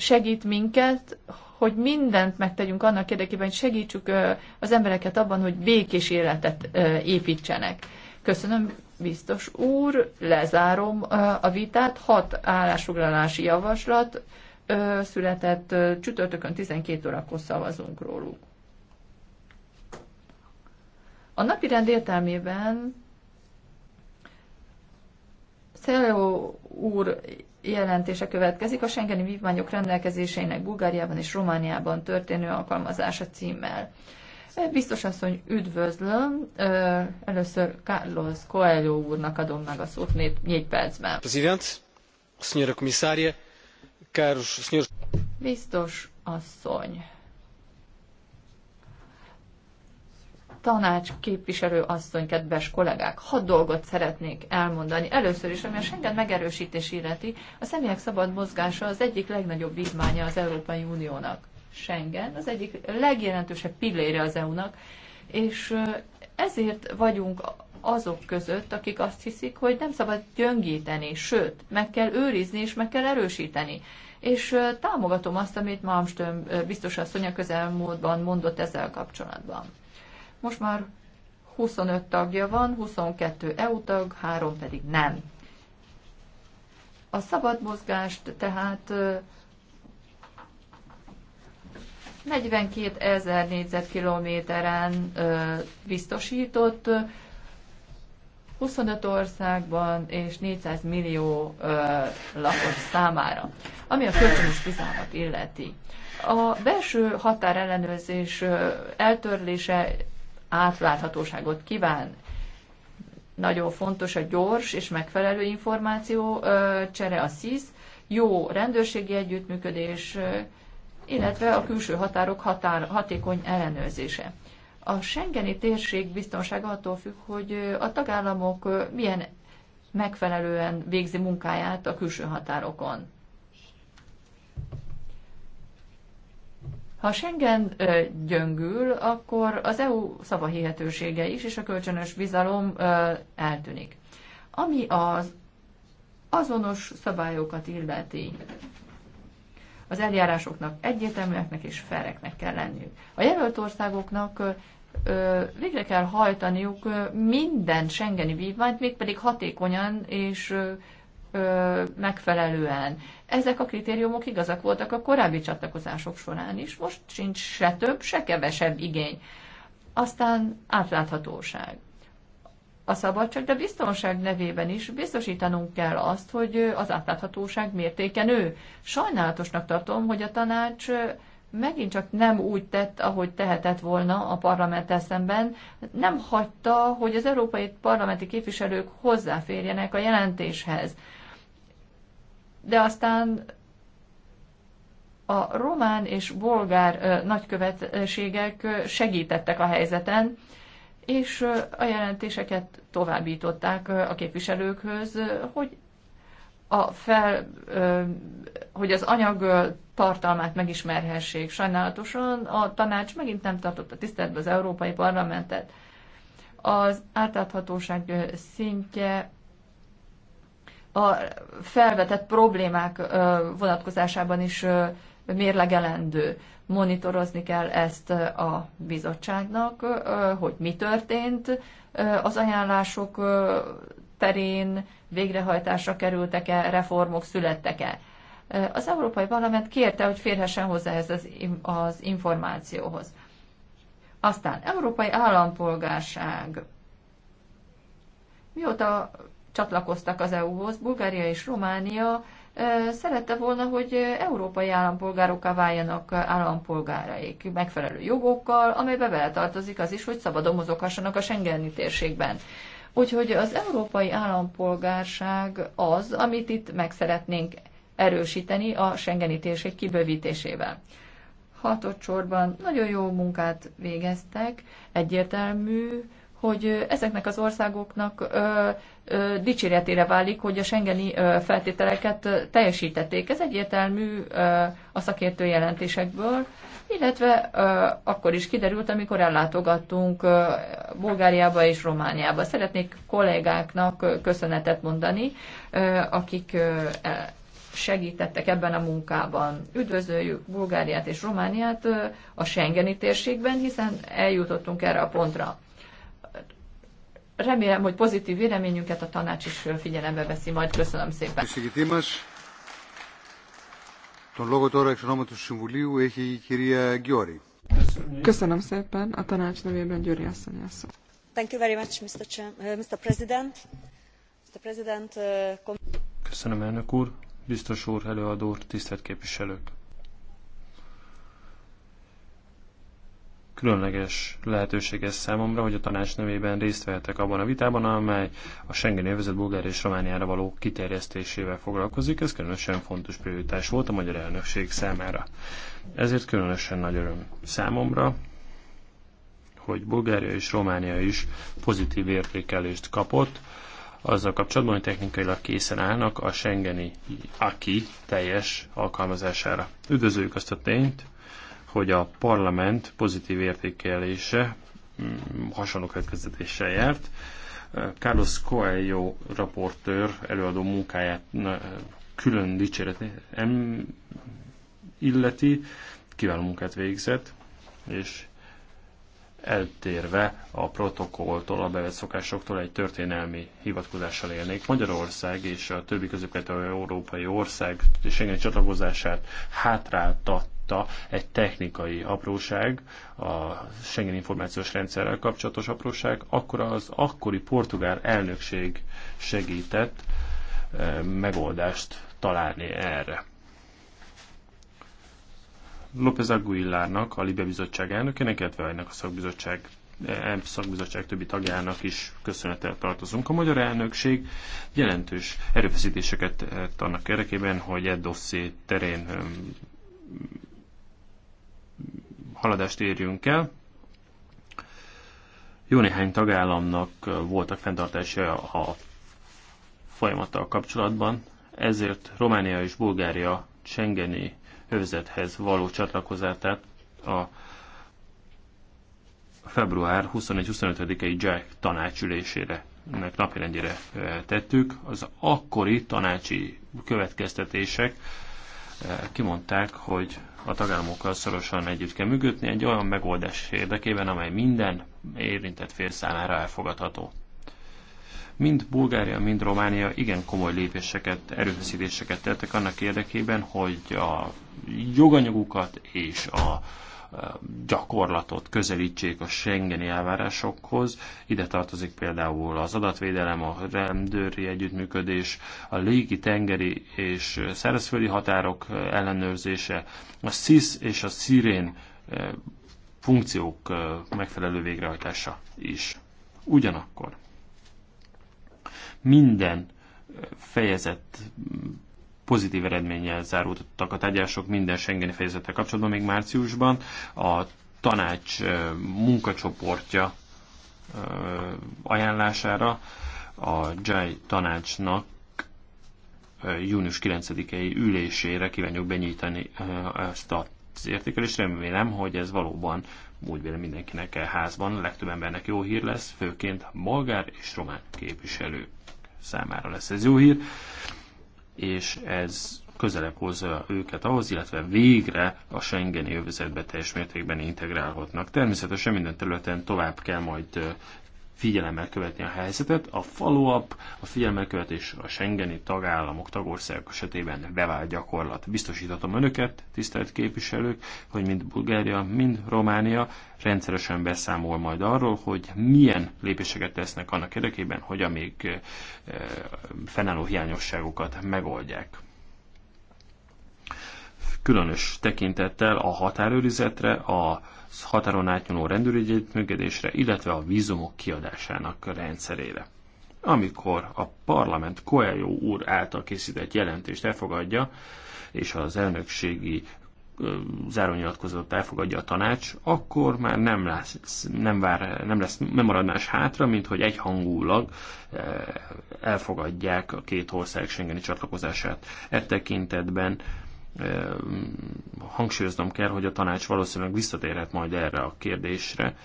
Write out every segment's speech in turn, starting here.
segít minket, hogy mindent megtegyünk annak érdekében, hogy segítsük az embereket abban, hogy békés életet építsenek. Köszönöm, biztos úr, lezárom a vitát. Hat állásfoglalási javaslat született, csütörtökön 12 órakor szavazunk róluk. A rend értelmében Szeló úr jelentése következik a Schengeni vívmányok rendelkezéseinek Bulgáriában és Romániában történő alkalmazása címmel. Eh, biztos asszony, üdvözlöm. Eh, először Carlos Coelho úrnak adom meg a szót négy percben. Prezident, senyora komisszária, káros, senyora... Biztos asszony, tanács képviselő asszony, kedves kollégák, hat dolgot szeretnék elmondani. Először is, ami a Schengen megerősítés illeti, a személyek szabad mozgása az egyik legnagyobb vívmánya az Európai Uniónak. Schengen az egyik legjelentősebb pillére az EU-nak, és ezért vagyunk azok között, akik azt hiszik, hogy nem szabad gyöngíteni, sőt, meg kell őrizni és meg kell erősíteni. És támogatom azt, amit Malmström biztos asszony a közelmúltban mondott ezzel kapcsolatban. Most már 25 tagja van, 22 EU tag, 3 pedig nem. A szabad mozgást tehát 42 ezer négyzetkilométeren biztosított, 25 országban és 400 millió lakos számára, ami a kölcsönös bizalmat illeti. A belső határellenőrzés eltörlése átláthatóságot kíván. Nagyon fontos a gyors és megfelelő információ csere a SZISZ, jó rendőrségi együttműködés, illetve a külső határok határ, hatékony ellenőrzése. A Schengeni térség biztonsága attól függ, hogy a tagállamok milyen megfelelően végzi munkáját a külső határokon. Ha Schengen gyöngül, akkor az EU szavahihetősége is, és a kölcsönös bizalom eltűnik. Ami az azonos szabályokat illeti, az eljárásoknak egyértelműeknek és fereknek kell lenniük. A jelölt országoknak végre kell hajtaniuk minden Schengeni vívmányt, mégpedig hatékonyan és megfelelően ezek a kritériumok igazak voltak a korábbi csatlakozások során is, most sincs se több, se kevesebb igény. Aztán átláthatóság. A szabadság, de biztonság nevében is biztosítanunk kell azt, hogy az átláthatóság mértéken ő. Sajnálatosnak tartom, hogy a tanács megint csak nem úgy tett, ahogy tehetett volna a parlamenttel szemben, nem hagyta, hogy az európai parlamenti képviselők hozzáférjenek a jelentéshez de aztán a román és bolgár nagykövetségek segítettek a helyzeten, és a jelentéseket továbbították a képviselőkhöz, hogy, a fel, hogy az anyag tartalmát megismerhessék. Sajnálatosan a tanács megint nem tartotta tiszteletbe az Európai Parlamentet. Az átláthatóság szintje a felvetett problémák vonatkozásában is mérlegelendő. Monitorozni kell ezt a bizottságnak, hogy mi történt az ajánlások terén, végrehajtásra kerültek-e, reformok születtek-e. Az Európai Parlament kérte, hogy férhessen hozzá ez az, információhoz. Aztán európai állampolgárság. Mióta csatlakoztak az EU-hoz, Bulgária és Románia szerette volna, hogy európai állampolgárokká váljanak állampolgáraik megfelelő jogokkal, amelybe beletartozik az is, hogy szabadon mozoghassanak a Schengeni térségben. Úgyhogy az európai állampolgárság az, amit itt meg szeretnénk erősíteni a Schengeni térség kibővítésével. sorban nagyon jó munkát végeztek, egyértelmű, hogy ezeknek az országoknak ö, ö, dicséretére válik, hogy a Schengeni ö, feltételeket ö, teljesítették. Ez egyértelmű ö, a szakértő jelentésekből, illetve ö, akkor is kiderült, amikor ellátogattunk ö, Bulgáriába és Romániába. Szeretnék kollégáknak köszönetet mondani, ö, akik ö, e, segítettek ebben a munkában. Üdvözöljük Bulgáriát és Romániát ö, a Schengeni térségben, hiszen eljutottunk erre a pontra remélem, hogy pozitív véleményünket a tanács is figyelembe veszi majd. Köszönöm szépen. Köszönöm szépen. A tanács nevében Győri asszony szó. Thank you very much, Mr. Ch- Mr. President. Mr. President uh, Köszönöm, elnök úr, biztos úr, előadó úr, tisztelt képviselők. Különleges lehetőség ez számomra, hogy a tanács nevében részt vehetek abban a vitában, amely a Schengen övezet Bulgária és Romániára való kiterjesztésével foglalkozik. Ez különösen fontos prioritás volt a magyar elnökség számára. Ezért különösen nagy öröm számomra, hogy Bulgária és Románia is pozitív értékelést kapott, azzal kapcsolatban, hogy technikailag készen állnak a Schengeni AKI teljes alkalmazására. Üdvözöljük azt a tényt, hogy a parlament pozitív értékelése mm, hasonló következtetéssel járt. Carlos Coelho raportőr előadó munkáját külön dicséret illeti, kiváló munkát végzett, és eltérve a protokolltól, a bevett szokásoktól egy történelmi hivatkozással élnék. Magyarország és a többi közép európai ország és Schengen csatlakozását hátráltat megvita egy technikai apróság, a Schengen információs rendszerrel kapcsolatos apróság, akkor az akkori portugál elnökség segített eh, megoldást találni erre. López Aguilárnak, a Libia Bizottság elnökének, illetve ennek a szakbizottság eh, szakbizottság többi tagjának is köszönettel tartozunk. A magyar elnökség jelentős erőfeszítéseket tett annak érdekében, hogy egy dosszé terén haladást érjünk el. Jó néhány tagállamnak voltak fenntartása a folyamattal kapcsolatban, ezért Románia és Bulgária Schengeni övezethez való csatlakozását a február 24-25-i Jack e tanácsülésére meg napirendjére eh, tettük. Az akkori tanácsi következtetések eh, kimondták, hogy a tagállamokkal szorosan együtt kell működni egy olyan megoldás érdekében, amely minden érintett fél számára elfogadható. Mind Bulgária, mind Románia igen komoly lépéseket, erőfeszítéseket tettek annak érdekében, hogy a joganyagukat és a gyakorlatot közelítsék a Schengeni elvárásokhoz. Ide tartozik például az adatvédelem, a rendőri együttműködés, a légi, tengeri és szárazföldi határok ellenőrzése, a SIS és a SIREN eh, funkciók eh, megfelelő végrehajtása is. Ugyanakkor minden eh, fejezet pozitív eredménnyel zárultak a tárgyalások minden Schengeni fejezettel kapcsolatban még márciusban. A tanács munkacsoportja ajánlására a JAI tanácsnak június 9-i ülésére kívánjuk benyítani ezt az értékelést. Remélem, hogy ez valóban úgy vélem mindenkinek el házban, legtöbb embernek jó hír lesz, főként bolgár és román képviselő számára lesz ez jó hír és ez közelebb hozza őket ahhoz, illetve végre a Schengeni övezetbe teljes mértékben integrálhatnak. Természetesen minden területen tovább kell majd figyelemmel követni a helyzetet. A follow-up, a figyelemmel követés a Schengeni tagállamok, tagországok esetében bevált gyakorlat. Biztosítatom önöket, tisztelt képviselők, hogy mind Bulgária, mind Románia rendszeresen beszámol majd arról, hogy milyen lépéseket tesznek annak érdekében, hogy a még eh, fennálló hiányosságokat megoldják különös tekintettel a határőrizetre, a határon átnyúló rendőrügyi együttműködésre, illetve a vízumok kiadásának rendszerére. Amikor a parlament Coelho úr által készített jelentést elfogadja, és az elnökségi zárónyilatkozatot elfogadja a tanács, akkor már nem lesz, nem, vár, nem lesz nem maradnás hátra, mint hogy egyhangulag elfogadják a két ország Schengeni csatlakozását. E tekintetben hangsúlyoznom kell, hogy a tanács valószínűleg visszatérhet majd erre a kérdésre,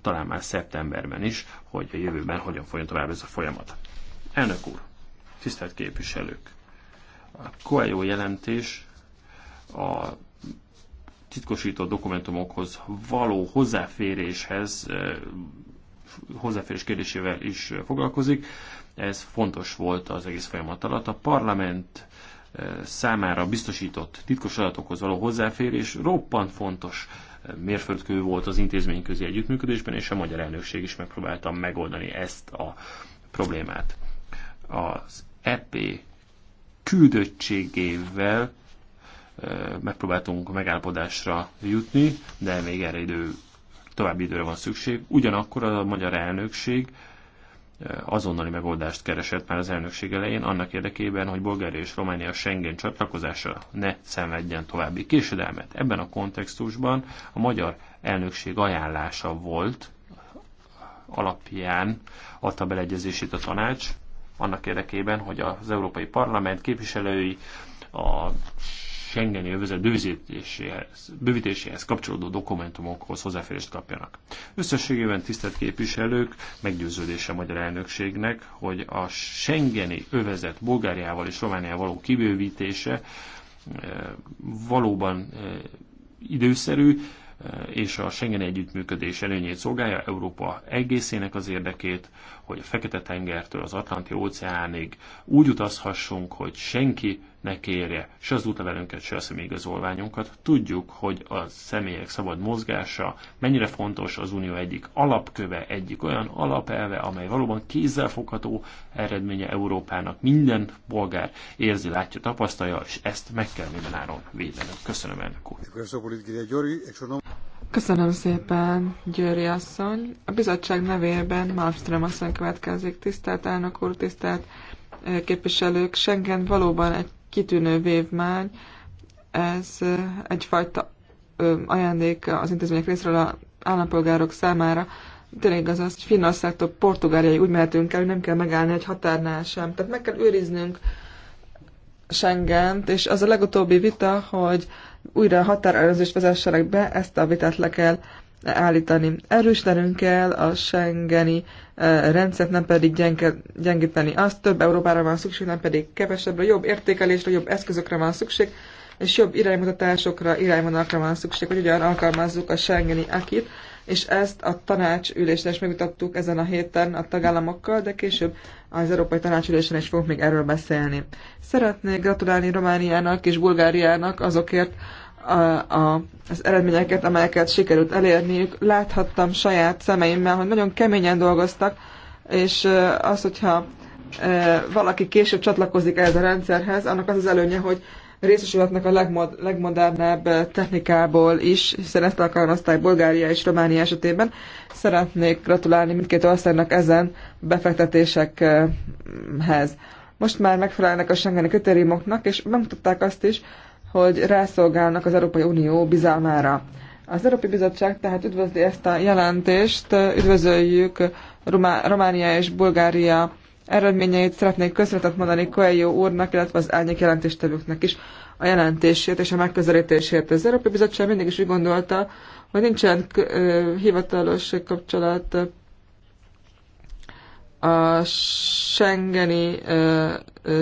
talán már szeptemberben is, hogy a jövőben hogyan folyjon tovább ez a folyamat. Elnök úr, tisztelt képviselők! A Coelho jelentés a titkosított dokumentumokhoz való hozzáféréshez, hozzáférés kérdésével is foglalkozik. Ez fontos volt az egész folyamat alatt. A parlament számára biztosított titkos adatokhoz való hozzáférés roppant fontos mérföldkő volt az intézményközi együttműködésben, és a magyar elnökség is megpróbálta megoldani ezt a problémát. Az EP küldöttségével megpróbáltunk megállapodásra jutni, de még erre idő, további időre van szükség. Ugyanakkor a magyar elnökség azonnali megoldást keresett már az elnökség elején, annak érdekében, hogy Bulgária és Románia Schengen csatlakozása ne szenvedjen további késedelmet. Ebben a kontextusban a magyar elnökség ajánlása volt, alapján adta beleegyezését a tanács, annak érdekében, hogy az Európai Parlament képviselői a Schengeni övezet bővítéséhez, bővítéséhez kapcsolódó dokumentumokhoz hozzáférést kapjanak. Összességében tisztelt képviselők, meggyőződése a magyar elnökségnek, hogy a Schengeni övezet Bulgáriával és Romániával való kibővítése eh, valóban eh, időszerű, eh, és a Schengen együttműködés előnyét szolgálja Európa egészének az érdekét, hogy a Fekete-tengertől az Atlanti-óceánig úgy utazhassunk, hogy senki ne kérje se az útlevelünket, se a személyigazolványunkat. Tudjuk, hogy a személyek szabad mozgása mennyire fontos az unió egyik alapköve, egyik olyan alapelve, amely valóban kézzelfogható eredménye Európának. Minden polgár érzi, látja, tapasztalja, és ezt meg kell mindenáron védenünk. Köszönöm, elnök úr. Köszönöm szépen, Győri asszony. A bizottság nevében Malmström asszony következik. Tisztelt elnök úr, tisztelt eh, képviselők, Schengen valóban egy kitűnő vívmány. Ez eh, egyfajta ajándék az intézmények részről a állampolgárok számára. Tényleg igaz az, hogy Finnországtól Portugáliai úgy mehetünk el, hogy nem kell megállni egy határnál sem. Tehát meg kell őriznünk Schengent, és az a legutóbbi vita, hogy újra határelőzést vezessenek be, ezt a vitát le kell állítani. Erősítenünk kell a Schengeni eh, rendszert, nem pedig gyenge, gyengíteni azt. Több Európára van szükség, nem pedig kevesebbre, jobb értékelésre, jobb eszközökre van szükség, és jobb iránymutatásokra, irányvonalakra van szükség, hogy ugyan alkalmazzuk a Schengeni akit, és ezt a tanács ülésen is megmutattuk ezen a héten a tagállamokkal, de később az Európai Tanács ülésen is fogunk még erről beszélni. Szeretnék gratulálni Romániának és Bulgáriának azokért a, a, az eredményeket, amelyeket sikerült elérniük. Láthattam saját szemeimmel, hogy nagyon keményen dolgoztak, és az, hogyha valaki később csatlakozik ehhez a rendszerhez, annak az az előnye, hogy részesülhetnek a legmod, legmodernebb eh, technikából is, hiszen ezt alkalmazták Bulgária és Románia esetében. Szeretnék gratulálni mindkét országnak ezen befektetésekhez. Most már megfelelnek a Schengeni kötérimoknak, és megmutatták azt is, hogy rászolgálnak az Európai Unió bizalmára. Az Európai Bizottság tehát üdvözli ezt a jelentést, üdvözöljük Rumá- Románia és Bulgária eredményeit szeretnék köszönetet mondani Koelyó úrnak, illetve az árnyék jelentéstevőknek is a jelentését és a megközelítését. Az Európai Bizottság mindig is úgy gondolta, hogy nincsen hivatalos kapcsolat a Schengeni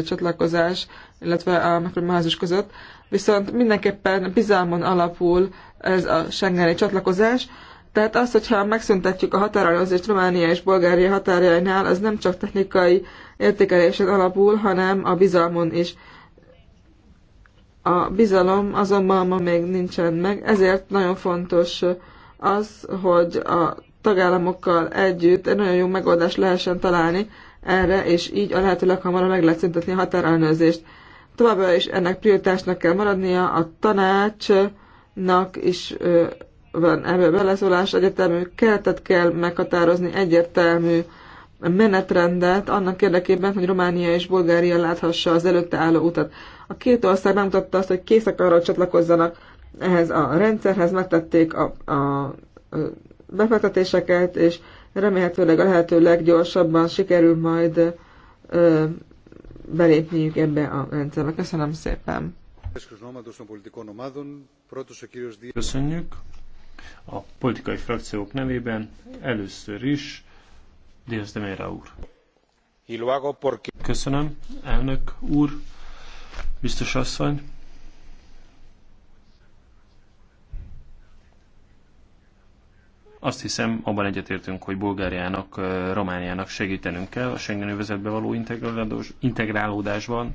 csatlakozás, illetve a Makromázis között, viszont mindenképpen bizalmon alapul ez a Schengeni csatlakozás, tehát az, hogyha megszüntetjük a határelőzést Románia és Bulgária határjainál, az nem csak technikai értékelésen alapul, hanem a bizalmon is. A bizalom azonban ma még nincsen meg, ezért nagyon fontos az, hogy a tagállamokkal együtt egy nagyon jó megoldást lehessen találni erre, és így a lehető leghamarabb meg lehet szüntetni a határelnőzést. Továbbá is ennek prioritásnak kell maradnia, a tanácsnak is van erről beleszólás, egyetemű keretet kell meghatározni, egyértelmű menetrendet annak érdekében, hogy Románia és Bulgária láthassa az előtte álló utat. A két ország bemutatta azt, hogy készek arra, hogy csatlakozzanak ehhez a rendszerhez, megtették a, a, a befektetéseket, és remélhetőleg a lehető leggyorsabban sikerül majd ö, belépniük ebbe a rendszerbe. Köszönöm szépen! Köszönjük! a politikai frakciók nevében először is Díaz de Mera úr. Köszönöm, elnök úr, biztos asszony. Azt hiszem, abban egyetértünk, hogy Bulgáriának, Romániának segítenünk kell a Schengen övezetbe való integrálódásban.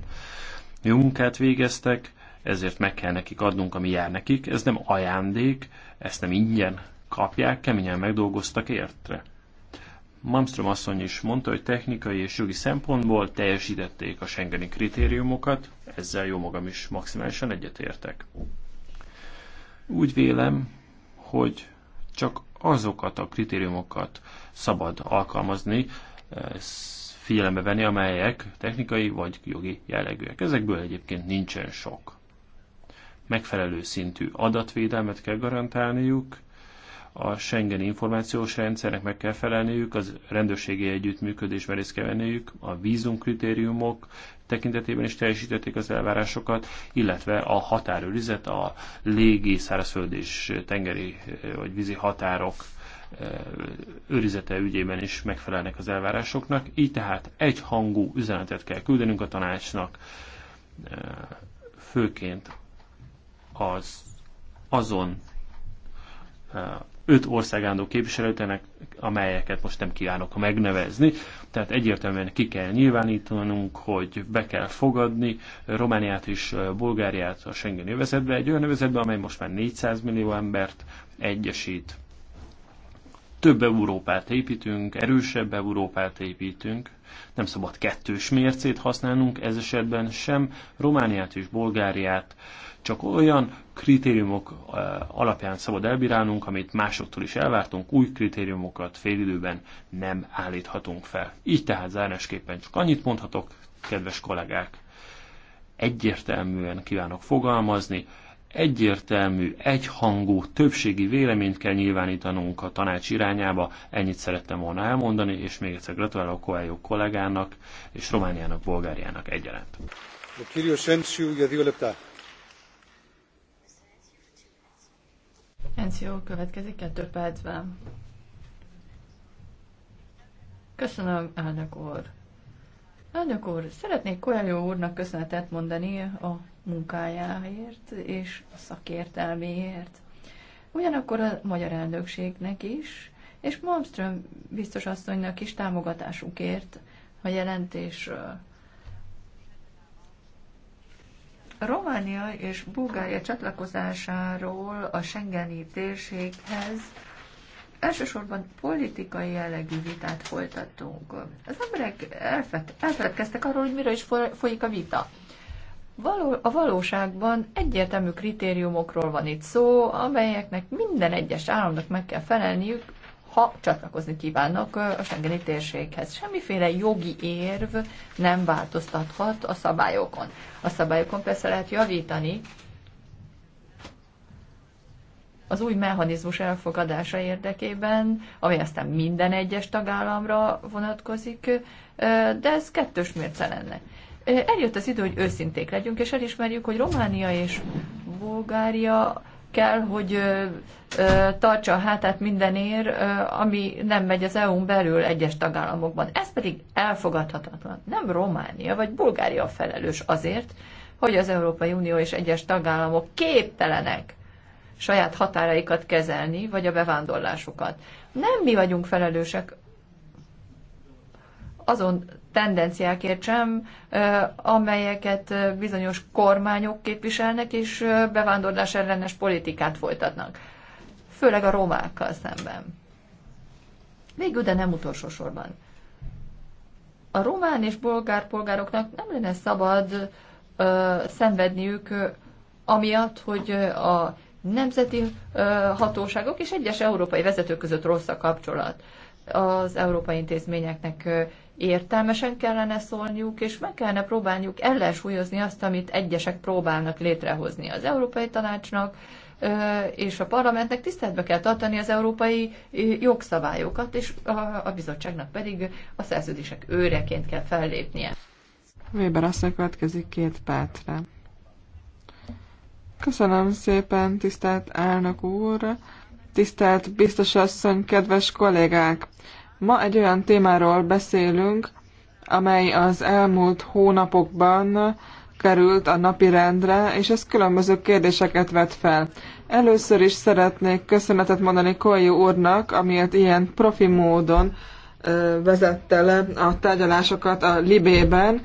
Jó munkát végeztek, ezért meg kell nekik adnunk, ami jár nekik. Ez nem ajándék, ezt nem ingyen kapják, keményen megdolgoztak értre. Malmström asszony is mondta, hogy technikai és jogi szempontból teljesítették a Schengeni kritériumokat, ezzel jó magam is maximálisan egyetértek. Úgy vélem, hogy csak azokat a kritériumokat szabad alkalmazni, eh, figyelembe venni, amelyek technikai vagy jogi jellegűek. Ezekből egyébként nincsen sok megfelelő szintű adatvédelmet kell garantálniuk, a Schengen információs rendszernek meg kell felelniük, az rendőrségi együttműködés részt kell venniük, a vízum kritériumok tekintetében is teljesítették az elvárásokat, illetve a határőrizet, a légi, szárazföld és tengeri vagy vízi határok eh, őrizete ügyében is megfelelnek az elvárásoknak. Így tehát egy hangú üzenetet kell küldenünk a tanácsnak, eh, főként az azon öt országándó képviselőtenek, amelyeket most nem kívánok megnevezni. Tehát egyértelműen ki kell nyilvánítanunk, hogy be kell fogadni Romániát és Bulgáriát a Schengen övezetbe, egy olyan övezetbe, amely most már 400 millió embert egyesít. Több Európát építünk, erősebb Európát építünk, nem szabad kettős mércét használnunk ez esetben sem, Romániát és Bulgáriát csak olyan kritériumok eh, alapján szabad elbírálnunk, amit másoktól is elvártunk, új kritériumokat félidőben nem állíthatunk fel. Így tehát zárásképpen csak annyit mondhatok, kedves kollégák, egyértelműen kívánok fogalmazni, egyértelmű, egyhangú, többségi véleményt kell nyilvánítanunk a tanács irányába. Ennyit szerettem volna elmondani, és még egyszer gratulálok Koályó kollégának és Romániának, Bulgáriának egyaránt. Enció következik kettő percben. Köszönöm, elnök úr. Elnök úr, szeretnék Coelho úrnak köszönetet mondani a munkájáért és a szakértelméért. Ugyanakkor a magyar elnökségnek is, és Malmström biztos asszonynak is támogatásukért a jelentésről. Románia és Bulgária csatlakozásáról a Schengeni térséghez elsősorban politikai jellegű vitát folytattunk. Az emberek elfeledkeztek arról, hogy mire is folyik a vita. Való, a valóságban egyértelmű kritériumokról van itt szó, amelyeknek minden egyes államnak meg kell felelniük, ha csatlakozni kívánnak a Schengeni térséghez. Semmiféle jogi érv nem változtathat a szabályokon. A szabályokon persze lehet javítani, az új mechanizmus elfogadása érdekében, ami aztán minden egyes tagállamra vonatkozik, de ez kettős mérce lenne. Eljött az idő, hogy őszinték legyünk, és elismerjük, hogy Románia és Bulgária kell, hogy tartsa a hátát mindenért, ami nem megy az EU-n belül egyes tagállamokban. Ez pedig elfogadhatatlan. Nem Románia vagy Bulgária felelős azért, hogy az Európai Unió és egyes tagállamok képtelenek saját határaikat kezelni, vagy a bevándorlásukat. Nem mi vagyunk felelősek azon tendenciákért sem, amelyeket bizonyos kormányok képviselnek, és bevándorlás ellenes politikát folytatnak. Főleg a romákkal szemben. Végül, de nem utolsó sorban. A román és bolgár polgároknak nem lenne szabad ö, szenvedniük ö, amiatt, hogy a nemzeti ö, hatóságok és egyes európai vezetők között rossz a kapcsolat. Az európai intézményeknek értelmesen kellene szólniuk, és meg kellene próbálniuk ellensúlyozni azt, amit egyesek próbálnak létrehozni az Európai Tanácsnak, és a parlamentnek tiszteletbe kell tartani az európai jogszabályokat, és a bizottságnak pedig a szerződések őreként kell fellépnie. Weber aztán következik két pátra. Köszönöm szépen, tisztelt elnök úr, tisztelt biztos asszony, kedves kollégák! Ma egy olyan témáról beszélünk, amely az elmúlt hónapokban került a napirendre, és ez különböző kérdéseket vet fel. Először is szeretnék köszönetet mondani Kolyó úrnak, amiért ilyen profi módon vezette le a tárgyalásokat a Libében,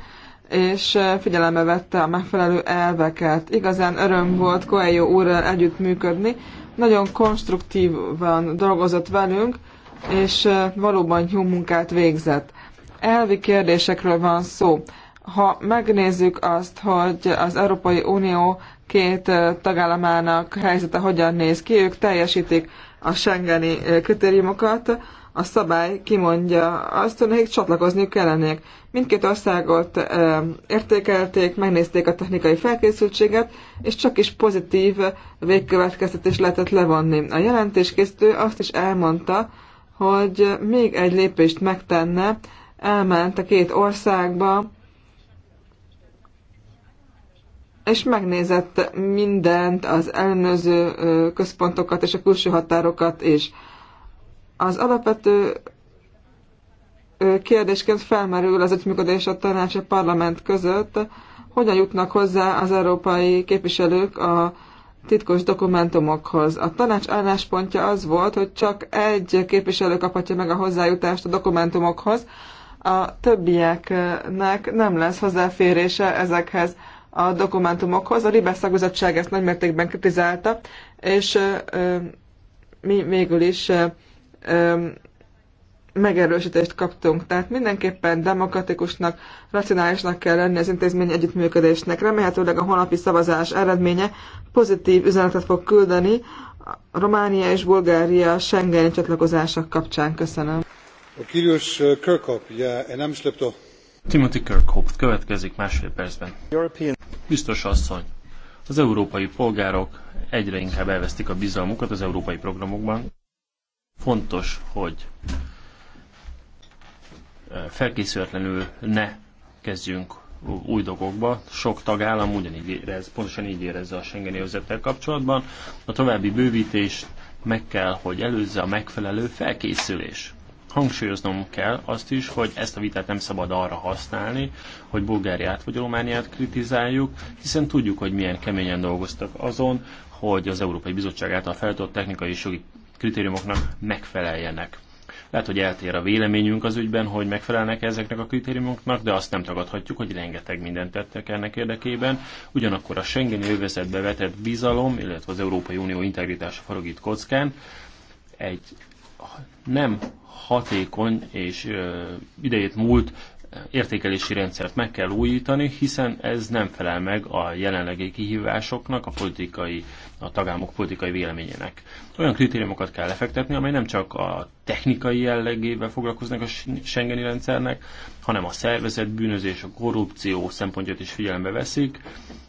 és figyelembe vette a megfelelő elveket. Igazán öröm volt Coelho úrral együttműködni, nagyon konstruktívan dolgozott velünk, és valóban jó munkát végzett. Elvi kérdésekről van szó. Ha megnézzük azt, hogy az Európai Unió két tagállamának helyzete hogyan néz ki, ők teljesítik a Schengeni kritériumokat, a szabály kimondja azt, hogy nekik csatlakozni kellenék. Mindkét országot e, értékelték, megnézték a technikai felkészültséget, és csak is pozitív végkövetkeztetés lehetett levonni. A jelentéskészítő azt is elmondta, hogy még egy lépést megtenne, elment a két országba, és megnézett mindent, az ellenőrző központokat és a külső határokat is. Az alapvető kérdésként felmerül az együttműködés a tanács a parlament között, hogyan jutnak hozzá az európai képviselők a titkos dokumentumokhoz. A tanács álláspontja az volt, hogy csak egy képviselő kaphatja meg a hozzájutást a dokumentumokhoz, a többieknek nem lesz hozzáférése ezekhez a dokumentumokhoz. A Libes szakbizottság ezt nagymértékben kritizálta, és ö, mi végül is ö, megerősítést kaptunk. Tehát mindenképpen demokratikusnak, racionálisnak kell lenni az intézmény együttműködésnek. Remélhetőleg a holnapi szavazás eredménye pozitív üzenetet fog küldeni a Románia és Bulgária Schengen csatlakozása kapcsán. Köszönöm. A Kirius Kirkhope, én nem slepto. Timothy Kirkhoff következik másfél percben. European. Biztos asszony, az európai polgárok egyre inkább elvesztik a bizalmukat az európai programokban. Fontos, hogy felkészületlenül ne kezdjünk új dolgokba. Sok tagállam ugyanígy érez, pontosan így érezze a Schengeni övezettel kapcsolatban. A további bővítést meg kell, hogy előzze a megfelelő felkészülés. Hangsúlyoznom kell azt is, hogy ezt a vitát nem szabad arra használni, hogy Bulgáriát vagy Romániát kritizáljuk, hiszen tudjuk, hogy milyen keményen dolgoztak azon, hogy az Európai Bizottság által feltolt technikai és jogi kritériumoknak megfeleljenek. Lehet, hogy eltér a véleményünk az ügyben, hogy megfelelnek ezeknek a kritériumoknak, de azt nem tagadhatjuk, hogy rengeteg mindent tettek ennek érdekében. Ugyanakkor a Schengeni övezetbe vetett bizalom, illetve az Európai Unió integritása farogít kockán, egy nem hatékony és idejét múlt értékelési rendszert meg kell újítani, hiszen ez nem felel meg a jelenlegi kihívásoknak, a politikai, a tagállamok politikai véleményének. Olyan kritériumokat kell lefektetni, amely nem csak a technikai jellegével foglalkoznak a Schengeni rendszernek, hanem a szervezet, bűnözés, a korrupció szempontját is figyelembe veszik,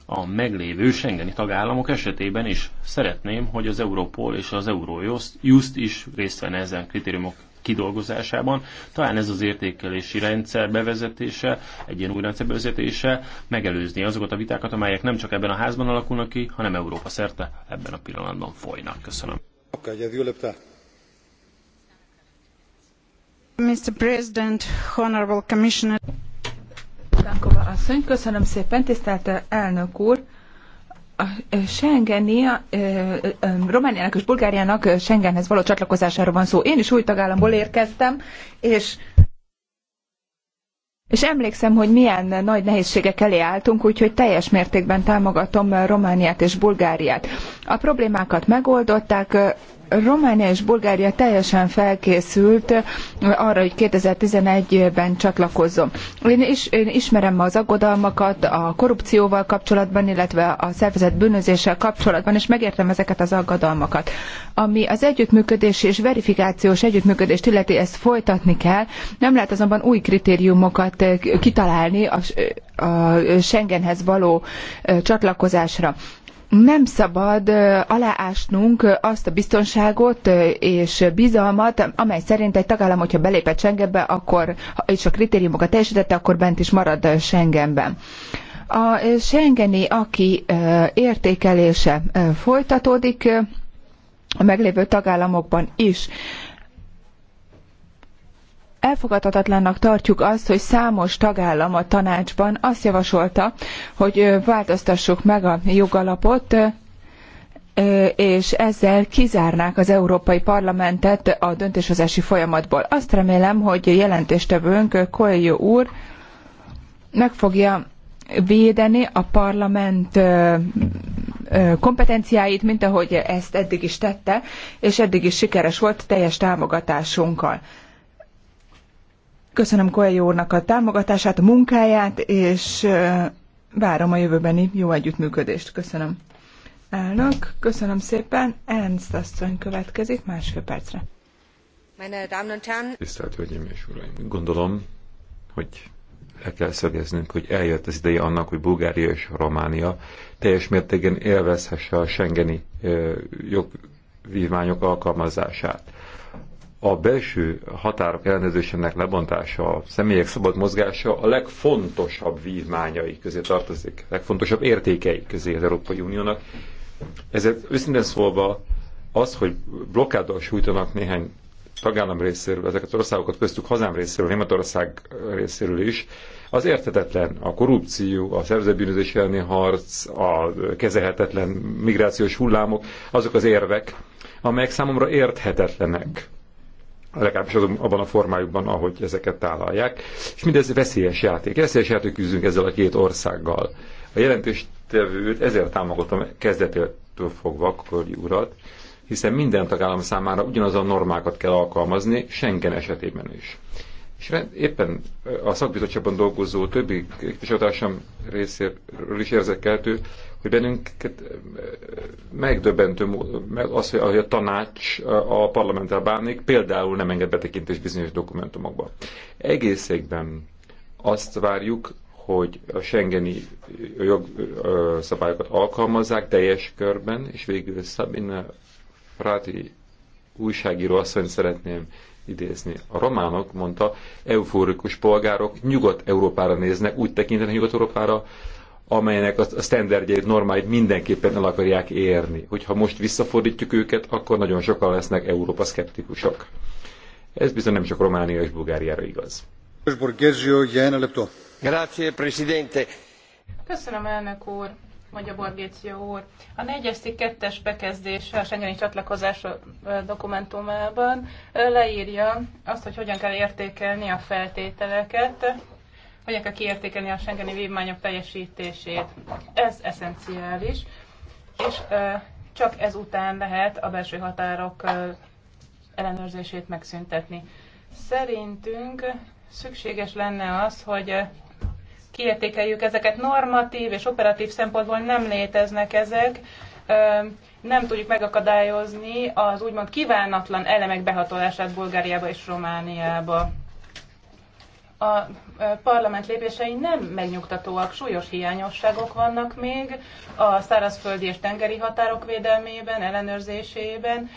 a meglévő Schengeni tagállamok esetében is. Szeretném, hogy az Europol és az Eurojust is részt venne ezen kritériumok kidolgozásában. Talán ez az értékelési rendszer bevezetése, egy ilyen új rendszer bevezetése megelőzni azokat a vitákat, amelyek nem csak ebben a házban alakulnak ki, hanem Európa szerte ebben a pillanatban folynak. Köszönöm. Mr. President, Honorable Commissioner. Köszönöm szépen, tisztelt elnök úr! Schengeni, Romániának és Bulgáriának Schengenhez való csatlakozásáról van szó. Én is új tagállamból érkeztem, és és emlékszem, hogy milyen nagy nehézségek elé álltunk, úgyhogy teljes mértékben támogatom Romániát és Bulgáriát. A problémákat megoldották, Románia és Bulgária teljesen felkészült eh, arra, hogy 2011-ben csatlakozzon. Én, is, én ismerem az aggodalmakat a korrupcióval kapcsolatban, illetve a szervezett bűnözéssel kapcsolatban, és megértem ezeket az aggodalmakat. Ami az együttműködés és verifikációs együttműködést illeti, ezt folytatni kell. Nem lehet azonban új kritériumokat eh, kitalálni a, eh, a Schengenhez való csatlakozásra nem szabad aláásnunk azt a biztonságot és bizalmat, amely szerint egy tagállam, hogyha belépett Schengenbe, akkor, és a kritériumokat teljesítette, akkor bent is marad Schengenben. A Schengeni, aki értékelése folytatódik, a meglévő tagállamokban is elfogadhatatlannak tartjuk azt, hogy számos tagállam a tanácsban azt javasolta, hogy változtassuk meg a jogalapot, és ezzel kizárnák az Európai Parlamentet a döntéshozási folyamatból. Azt remélem, hogy jelentéstevőnk Koelyó úr meg fogja védeni a parlament kompetenciáit, mint ahogy ezt eddig is tette, és eddig is sikeres volt teljes támogatásunkkal. Köszönöm Koelyó úrnak a támogatását, a munkáját, és várom a jövőbeni jó együttműködést. Köszönöm. Elnök, köszönöm szépen. Ernst asszony következik másfél percre. Tisztelt Hölgyeim és Uraim! Gondolom, hogy le kell szögeznünk, hogy eljött az ideje annak, hogy Bulgária és Románia teljes mértékben élvezhesse a Schengeni jogvívmányok alkalmazását a belső határok ellenőrzésének lebontása, a személyek szabad mozgása a legfontosabb vívmányai közé tartozik, legfontosabb értékei közé az Európai Uniónak. Ezért őszintén szólva az, hogy blokkáddal sújtanak néhány tagállam részéről, ezeket az országokat köztük hazám részéről, Németország részéről is, az értetetlen, a korrupció, a szervezetbűnözés elleni harc, a kezelhetetlen migrációs hullámok, azok az érvek, amelyek számomra érthetetlenek legalábbis azon, abban a formájukban, ahogy ezeket tálalják. És mindez veszélyes játék. Veszélyes játék küzdünk ezzel a két országgal. A jelentéstevőt ezért támogatom kezdetétől fogva, akkor urat, hiszen minden tagállam számára ugyanaz a normákat kell alkalmazni, Schengen esetében is. És éppen a szakbizottságban dolgozó többi képviselőtársam részéről is érzek hogy bennünket megdöbbentő az, hogy a tanács a parlamenttel bánik, például nem enged betekintés bizonyos dokumentumokba. Egészében azt várjuk, hogy a Schengeni jogszabályokat alkalmazzák teljes körben, és végül Szabina Fráti újságíró asszony szeretném idézni. A románok, mondta, eufórikus polgárok Nyugat-Európára néznek, úgy tekintenek Nyugat-Európára, amelynek a standardjait, normáit mindenképpen el akarják érni. Hogyha most visszafordítjuk őket, akkor nagyon sokan lesznek Európa szkeptikusok. Ez bizony nem csak Románia és Bulgáriára igaz. Grazie, Presidente. Köszönöm, elnök úr, mondja Borgéció úr. A 4 2-es bekezdés a Schengeni csatlakozás dokumentumában leírja azt, hogy hogyan kell értékelni a feltételeket, hogyan kell kiértékelni a Schengeni vívmányok teljesítését. Ez eszenciális, és csak ezután lehet a belső határok ellenőrzését megszüntetni. Szerintünk szükséges lenne az, hogy kiértékeljük ezeket. Normatív és operatív szempontból nem léteznek ezek, nem tudjuk megakadályozni az úgymond kívánatlan elemek behatolását Bulgáriába és Romániába a parlament lépései nem megnyugtatóak, súlyos hiányosságok vannak még a szárazföldi és tengeri határok védelmében, ellenőrzésében,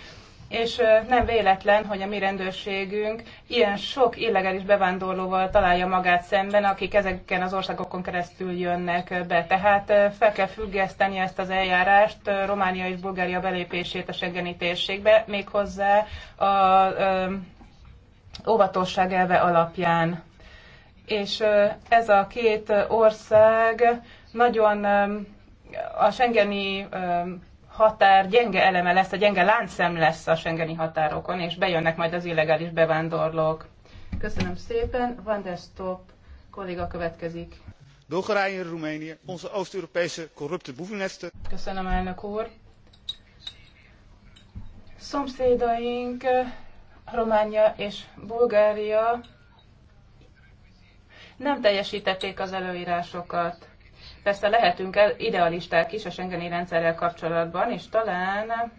és nem véletlen, hogy a mi rendőrségünk ilyen sok illegális bevándorlóval találja magát szemben, akik ezeken az országokon keresztül jönnek be. Tehát fel kell függeszteni ezt az eljárást, Románia és Bulgária belépését a Schengeni térségbe, méghozzá a, a, a óvatosság elve alapján és ez a két ország nagyon a Schengeni határ gyenge eleme lesz, a gyenge láncszem lesz a Schengeni határokon, és bejönnek majd az illegális bevándorlók. Köszönöm szépen. Van der Stop kolléga következik. Bulgarije, Roemenië, onze Oost-Europese corrupte boevennesten. Köszönöm, elnök úr. Szomszédaink Románia és Bulgária nem teljesítették az előírásokat. Persze lehetünk el idealisták is a Schengeni rendszerrel kapcsolatban, és talán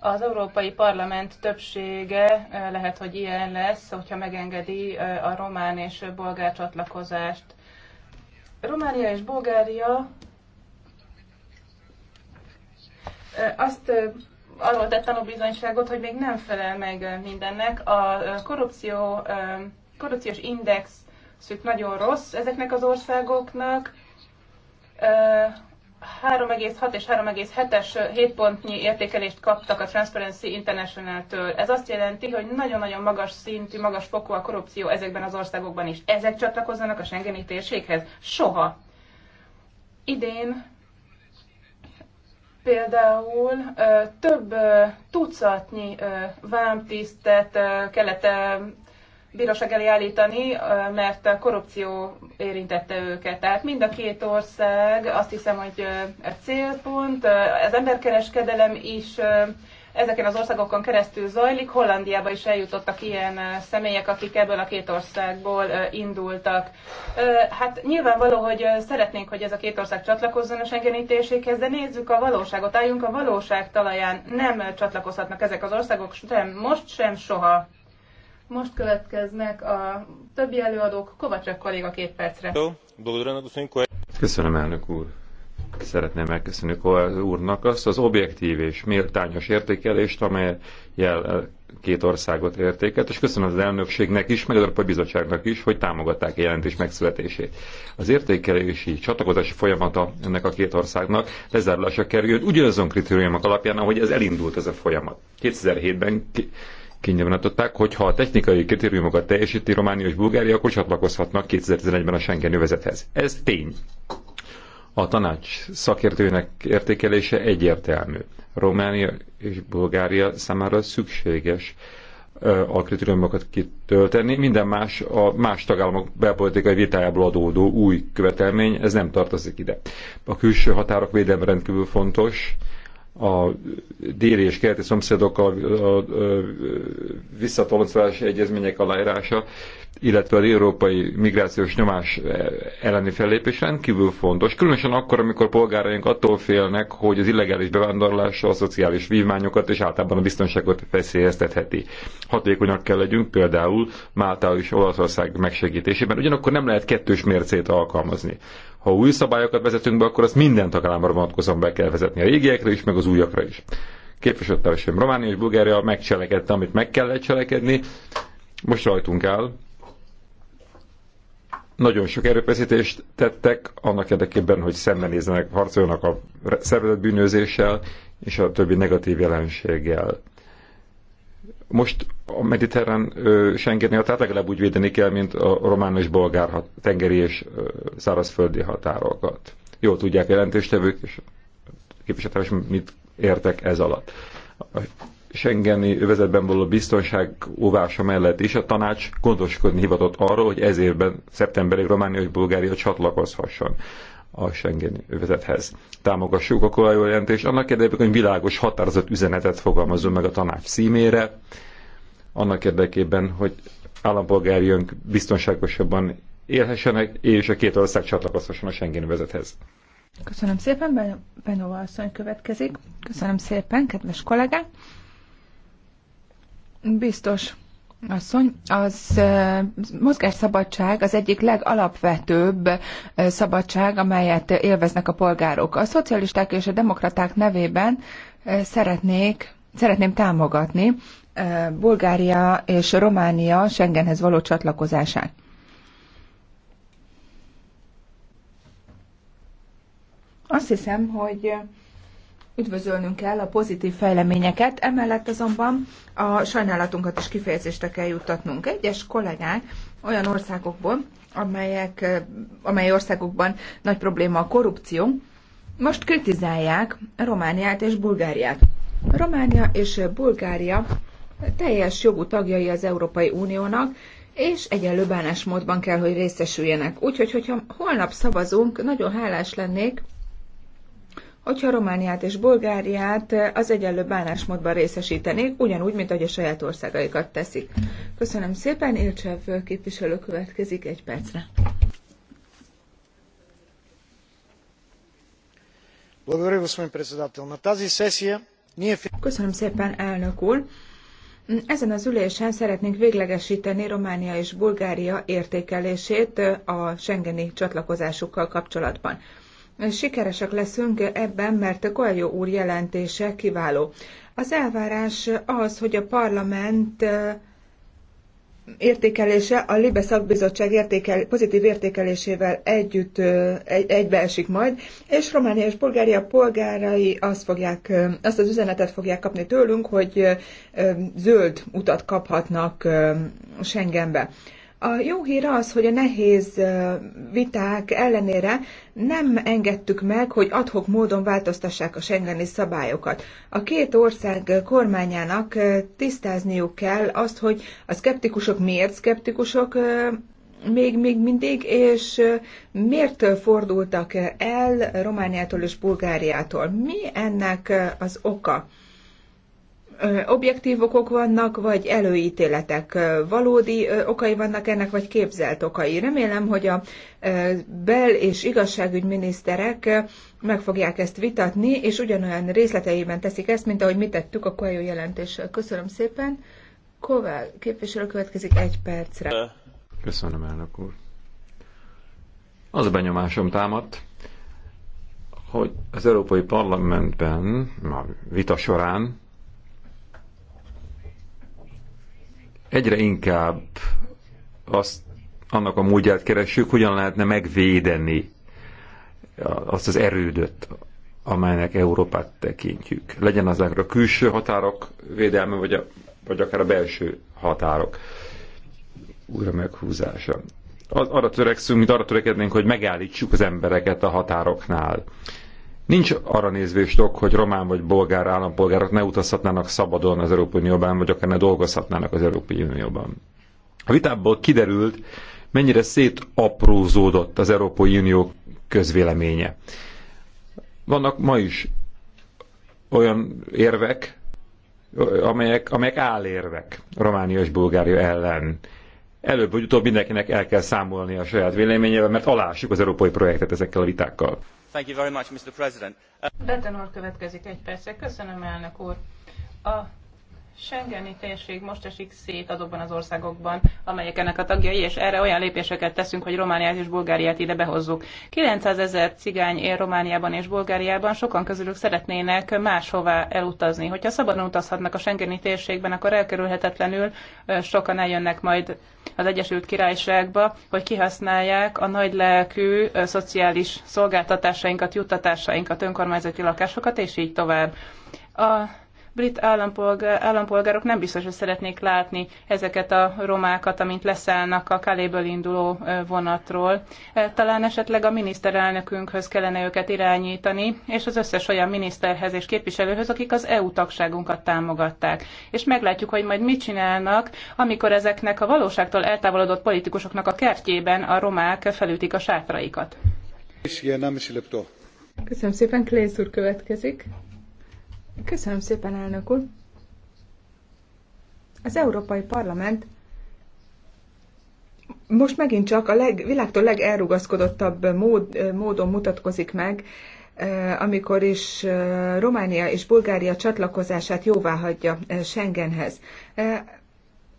az Európai Parlament többsége lehet, hogy ilyen lesz, hogyha megengedi a román és bolgár csatlakozást. Románia és Bulgária azt arról tett tanúbizonyságot, hogy még nem felel meg mindennek. A korrupció, korrupciós index sőt nagyon rossz ezeknek az országoknak. 3,6 és 3,7-es 7 pontnyi értékelést kaptak a Transparency International-től. Ez azt jelenti, hogy nagyon-nagyon magas szintű, magas fokú a korrupció ezekben az országokban is. Ezek csatlakozzanak a Schengeni térséghez? Soha. Idén például több tucatnyi vámtisztet kellett bíróság elé állítani, mert a korrupció érintette őket. Tehát mind a két ország azt hiszem, hogy célpont, az emberkereskedelem is ezeken az országokon keresztül zajlik. Hollandiába is eljutottak ilyen személyek, akik ebből a két országból indultak. Hát nyilvánvaló, hogy szeretnénk, hogy ez a két ország csatlakozzon a Schengenítéséhez, de nézzük a valóságot, álljunk a valóság talaján. Nem csatlakozhatnak ezek az országok sem most, sem soha. Most következnek a többi előadók. Kovacsak kolléga két percre. Köszönöm, elnök úr. Szeretném megköszönni az úrnak azt az objektív és méltányos értékelést, amely jel két országot értéket, és köszönöm az elnökségnek is, meg az Európai Bizottságnak is, hogy támogatták a jelentés megszületését. Az értékelési csatlakozási folyamata ennek a két országnak lezárulása kerül, ugyanazon kritériumok alapján, ahogy ez elindult ez a folyamat. 2007-ben kinyilvánították, hogy ha a technikai kritériumokat teljesíti Románia és Bulgária, akkor csatlakozhatnak 2011-ben a Schengen övezethez. Ez tény. A tanács szakértőjének értékelése egyértelmű. Románia és Bulgária számára szükséges a kritériumokat kitölteni. Minden más a más tagállamok belpolitikai vitájából adódó új követelmény, ez nem tartozik ide. A külső határok védelme rendkívül fontos, a déli és keleti szomszédokkal a, a, a, a visszatoloncolás egyezmények aláírása illetve az európai migrációs nyomás elleni fellépés rendkívül fontos, különösen akkor, amikor polgáraink attól félnek, hogy az illegális bevándorlás a szociális vívmányokat és általában a biztonságot veszélyeztetheti. Hatékonyak kell legyünk például Málta és Olaszország megsegítésében, ugyanakkor nem lehet kettős mércét alkalmazni. Ha új szabályokat vezetünk be, akkor azt minden tagállamra vonatkozóan be kell vezetni a régiekre is, meg az újakra is. Képviselőtársaim Románia és Bulgária megcselekedte, amit meg kellett cselekedni, most rajtunk áll, nagyon sok erőfeszítést tettek annak érdekében, hogy szembenéznek, harcoljanak a szervezett bűnözéssel és a többi negatív jelenséggel. Most a mediterrán Schengeni határt legalább úgy védeni kell, mint a román és bolgár tengeri és szárazföldi határokat. Jó tudják jelentéstevők és képviselőtárs, mit értek ez alatt. Schengeni övezetben való biztonság óvása mellett is a tanács gondoskodni hivatott arról, hogy ez évben szeptemberig Románia és Bulgária csatlakozhasson a Schengen övezethez. Támogassuk a korábbi jelentést, annak érdekében, hogy világos, határozott üzenetet fogalmazzon meg a tanács címére, annak érdekében, hogy állampolgárjönk biztonságosabban élhessenek, és a két ország csatlakozhasson a Schengen övezethez. Köszönöm szépen, Benova asszony következik. Köszönöm szépen, kedves kollégák! Biztos. Asszony, az mozgásszabadság az egyik legalapvetőbb szabadság, amelyet élveznek a polgárok. A szocialisták és a demokraták nevében szeretnék, szeretném támogatni Bulgária és Románia Schengenhez való csatlakozását. Azt hiszem, hogy Üdvözölnünk kell a pozitív fejleményeket, emellett azonban a sajnálatunkat is kifejezésre kell juttatnunk. Egyes kollégák olyan országokból, amelyek, amely országokban nagy probléma a korrupció, most kritizálják Romániát és Bulgáriát. Románia és Bulgária teljes jogú tagjai az Európai Uniónak, és egyenlő bánásmódban kell, hogy részesüljenek. Úgyhogy, hogyha holnap szavazunk, nagyon hálás lennék, hogyha Romániát és Bulgáriát eh, az egyenlő bánásmódban részesítenék, ugyanúgy, mint ahogy a saját országaikat teszik. Köszönöm szépen, Ilcsev képviselő következik egy percre. Köszönöm szépen, elnök úr! Ezen az ülésen szeretnénk véglegesíteni Románia és Bulgária értékelését eh, a Schengeni csatlakozásukkal kapcsolatban sikeresek leszünk ebben, mert Koelyó úr jelentése kiváló. Az elvárás az, hogy a parlament értékelése a Libe szakbizottság értékel, pozitív értékelésével együtt egy, egybeesik majd, és Románia és Bulgária polgárai azt, fogják, azt az üzenetet fogják kapni tőlünk, hogy zöld utat kaphatnak Schengenbe. A jó hír az, hogy a nehéz viták ellenére nem engedtük meg, hogy adhok módon változtassák a Schengeni szabályokat. A két ország kormányának tisztázniuk kell azt, hogy a szkeptikusok miért szkeptikusok még, még mindig, és miért fordultak el Romániától és Bulgáriától? Mi ennek az oka? objektív okok vannak, vagy előítéletek valódi okai vannak ennek, vagy képzelt okai. Remélem, hogy a bel- és igazságügyminiszterek meg fogják ezt vitatni, és ugyanolyan részleteiben teszik ezt, mint ahogy mi tettük a Coelho jelentéssel. Köszönöm szépen. Kovál képviselő következik egy percre. Köszönöm, elnök úr. Az a benyomásom támadt, hogy az Európai Parlamentben a vita során egyre inkább azt, annak a módját keressük, hogyan lehetne megvédeni azt az erődöt, amelynek Európát tekintjük. Legyen az a külső határok védelme, vagy, a, vagy akár a belső határok újra meghúzása. Arra törekszünk, mint arra törekednénk, hogy megállítsuk az embereket a határoknál. Nincs arra nézvőstok, hogy román vagy bolgár állampolgárok ne utazhatnának szabadon az Európai Unióban, vagy akár ne dolgozhatnának az Európai Unióban. A vitából kiderült, mennyire szétaprózódott az Európai Unió közvéleménye. Vannak ma is olyan érvek, amelyek, amelyek állérvek Románia és Bulgária ellen. Előbb vagy utóbb mindenkinek el kell számolni a saját véleményével, mert alássuk az európai projektet ezekkel a vitákkal. Thank you very much, Mr. President. Uh, Betten úr következik egy percre. Köszönöm, elnök úr. A Schengeni térség most esik szét azokban az országokban, amelyek ennek a tagjai, és erre olyan lépéseket teszünk, hogy Romániát és Bulgáriát ide behozzuk. 900 ezer cigány él Romániában és Bulgáriában, sokan közülük szeretnének máshová elutazni. Hogyha szabadon utazhatnak a Schengeni térségben, akkor elkerülhetetlenül sokan eljönnek majd az Egyesült Királyságba, hogy kihasználják a nagy lelkű szociális szolgáltatásainkat, juttatásainkat, önkormányzati lakásokat, és így tovább. A brit állampolgár, állampolgárok nem biztos, hogy szeretnék látni ezeket a romákat, amint leszállnak a Kaléből induló vonatról. Talán esetleg a miniszterelnökünkhöz kellene őket irányítani, és az összes olyan miniszterhez és képviselőhöz, akik az EU tagságunkat támogatták. És meglátjuk, hogy majd mit csinálnak, amikor ezeknek a valóságtól eltávolodott politikusoknak a kertjében a romák felütik a sátraikat. Köszönöm szépen, Klész úr következik. Köszönöm szépen, elnök úr. Az Európai Parlament most megint csak a leg, világtól legelrugaszkodottabb mód, módon mutatkozik meg, eh, amikor is eh, Románia és Bulgária csatlakozását jóvá hagyja eh, Schengenhez.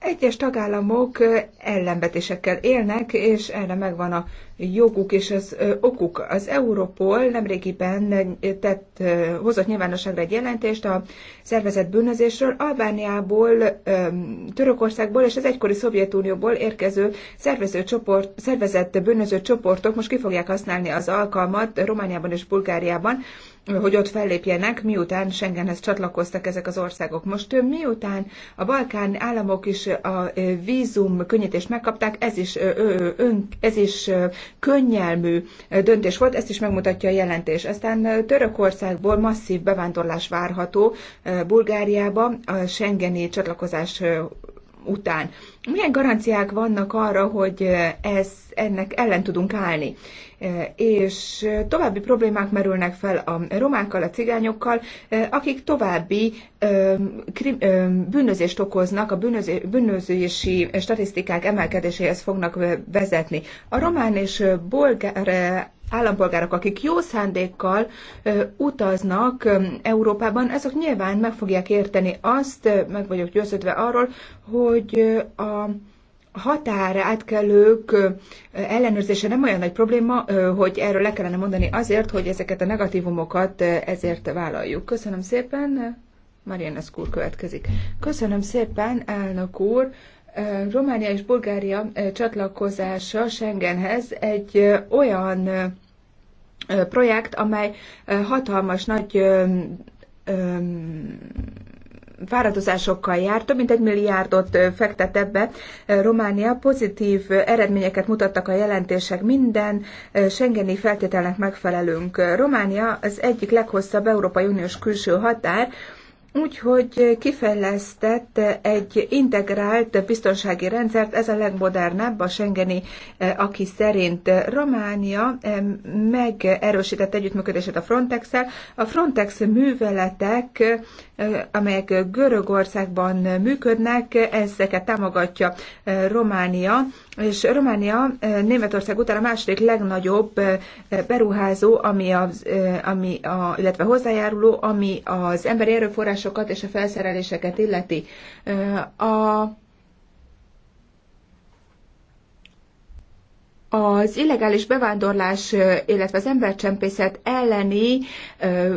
Egyes tagállamok ellenvetésekkel élnek, és erre megvan a joguk és az okuk. Az Europol nemrégiben tett, hozott nyilvánosságra egy jelentést a szervezett bűnözésről. Albániából, Törökországból és az egykori Szovjetunióból érkező szervező csoport, szervezett bűnöző csoportok most ki fogják használni az alkalmat Romániában és Bulgáriában, hogy ott fellépjenek, miután Schengenhez csatlakoztak ezek az országok. Most miután a Balkán államok is a vízum könnyítést megkapták, ez is, ön, ez is könnyelmű döntés volt, ezt is megmutatja a jelentés. Aztán Törökországból masszív bevándorlás várható Bulgáriába a Schengeni csatlakozás után. Milyen garanciák vannak arra, hogy ez, ennek ellen tudunk állni? Eh, és további problémák merülnek fel a romákkal, a cigányokkal, eh, akik további eh, bűnözést okoznak, a bűnözési statisztikák emelkedéséhez fognak vezetni. A román és bolgár állampolgárok, akik jó szándékkal utaznak Európában, azok nyilván meg fogják érteni azt, meg vagyok győződve arról, hogy a határ átkelők ellenőrzése nem olyan nagy probléma, hogy erről le kellene mondani azért, hogy ezeket a negatívumokat ezért vállaljuk. Köszönöm szépen. Marianesz úr következik. Köszönöm szépen, elnök úr. Románia és Bulgária csatlakozása Schengenhez egy olyan projekt, amely hatalmas nagy fáradozásokkal járt, Több mint egy milliárdot fektet ebbe Románia. Pozitív eredményeket mutattak a jelentések. Minden Schengeni feltételnek megfelelünk. Románia az egyik leghosszabb Európai Uniós külső határ, Úgyhogy kifejlesztett egy integrált biztonsági rendszert, ez a legmodernebb a Schengeni, aki szerint Románia megerősített együttműködését a frontex -el. A Frontex műveletek amelyek Görögországban működnek, ezeket támogatja eh, Románia, és Románia eh, Németország után a második legnagyobb eh, beruházó, ami a, ami a, illetve hozzájáruló, ami az emberi erőforrásokat és a felszereléseket illeti. A az illegális bevándorlás, illetve az embercsempészet elleni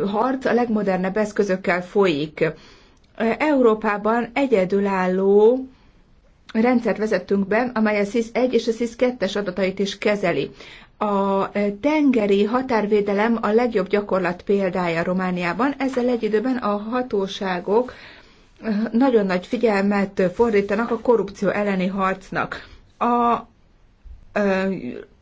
harc a legmodernebb eszközökkel folyik. Európában egyedülálló rendszert vezettünk be, amely a SIS-1 és a SIS-2-es adatait is kezeli. A tengeri határvédelem a legjobb gyakorlat példája Romániában, ezzel egy időben a hatóságok nagyon nagy figyelmet fordítanak a korrupció elleni harcnak. A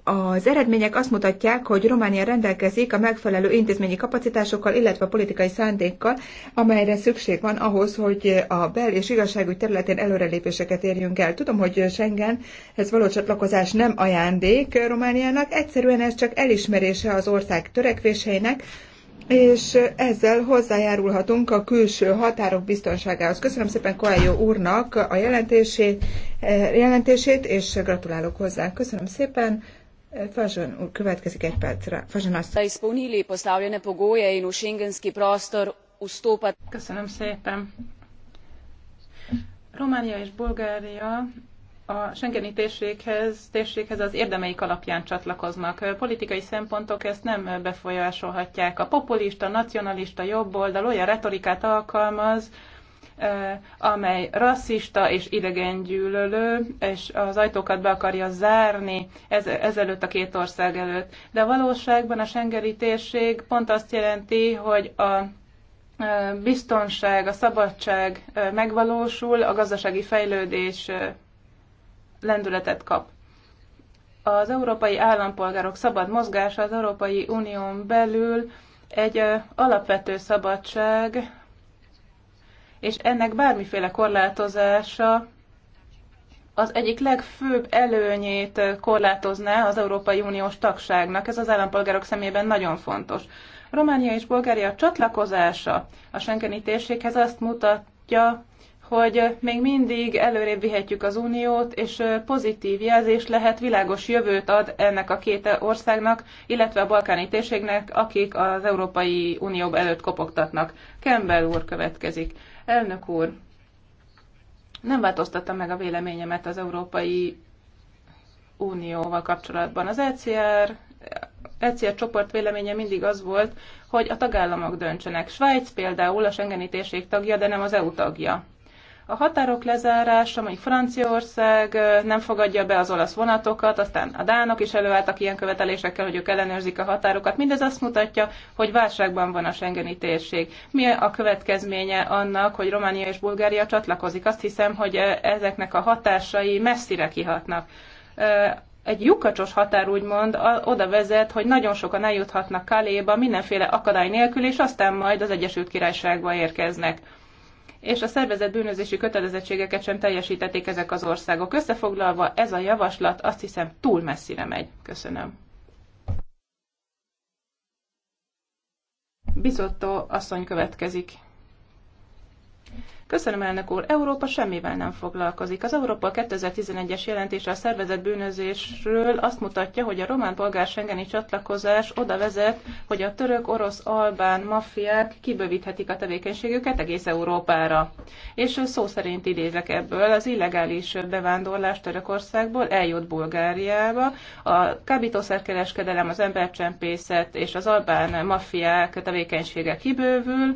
az eredmények azt mutatják, hogy Románia rendelkezik a megfelelő intézményi kapacitásokkal, illetve a politikai szándékkal, amelyre szükség van ahhoz, hogy a bel- és igazságügy területén előrelépéseket érjünk el. Tudom, hogy Schengen, ez való csatlakozás nem ajándék Romániának, egyszerűen ez csak elismerése az ország törekvéseinek, és ezzel hozzájárulhatunk a külső határok biztonságához. Köszönöm szépen Koályó úrnak a jelentését, eh, jelentését, és gratulálok hozzá. Köszönöm szépen. Eh, Fazson úr, következik egy percre. Fazson azt. Köszönöm szépen. Románia és Bulgária a Schengeni térséghez, térséghez az érdemeik alapján csatlakoznak. Politikai szempontok ezt nem befolyásolhatják. A populista, nacionalista jobboldal olyan retorikát alkalmaz, eh, amely rasszista és idegengyűlölő, és az ajtókat be akarja zárni ez, ezelőtt a két ország előtt. De a valóságban a Schengeni térség pont azt jelenti, hogy a eh, biztonság, a szabadság eh, megvalósul, a gazdasági fejlődés lendületet kap. Az európai állampolgárok szabad mozgása az Európai Unión belül egy alapvető szabadság, és ennek bármiféle korlátozása az egyik legfőbb előnyét korlátozná az Európai Uniós tagságnak. Ez az állampolgárok szemében nagyon fontos. Románia és Bulgária csatlakozása a Schengeni térséghez azt mutatja, hogy még mindig előrébb vihetjük az uniót, és pozitív jelzés lehet, világos jövőt ad ennek a két országnak, illetve a balkáni térségnek, akik az Európai Unió előtt kopogtatnak. Kembel úr következik. Elnök úr, nem változtattam meg a véleményemet az Európai Unióval kapcsolatban. Az ECR, ECR csoport véleménye mindig az volt, hogy a tagállamok döntsenek. Svájc például a Schengeni térség tagja, de nem az EU tagja a határok lezárása, mondjuk Franciaország nem fogadja be az olasz vonatokat, aztán a dánok is előálltak ilyen követelésekkel, hogy ők ellenőrzik a határokat. Mindez azt mutatja, hogy válságban van a Schengeni térség. Mi a következménye annak, hogy Románia és Bulgária csatlakozik? Azt hiszem, hogy ezeknek a hatásai messzire kihatnak egy lyukacsos határ úgymond oda vezet, hogy nagyon sokan eljuthatnak Kaléba mindenféle akadály nélkül, és aztán majd az Egyesült Királyságba érkeznek és a szervezet bűnözési kötelezettségeket sem teljesítették ezek az országok. Összefoglalva ez a javaslat azt hiszem túl messzire megy. Köszönöm. Bizotto asszony következik. Köszönöm, elnök úr. Európa semmivel nem foglalkozik. Az Európa 2011-es jelentése a szervezet bűnözésről azt mutatja, hogy a román polgár Schengeni csatlakozás oda vezet, hogy a török, orosz, albán maffiák kibővíthetik a tevékenységüket egész Európára. És szó szerint idézek ebből, az illegális bevándorlás Törökországból eljut Bulgáriába, a kábítószerkereskedelem, az embercsempészet és az albán maffiák tevékenysége kibővül,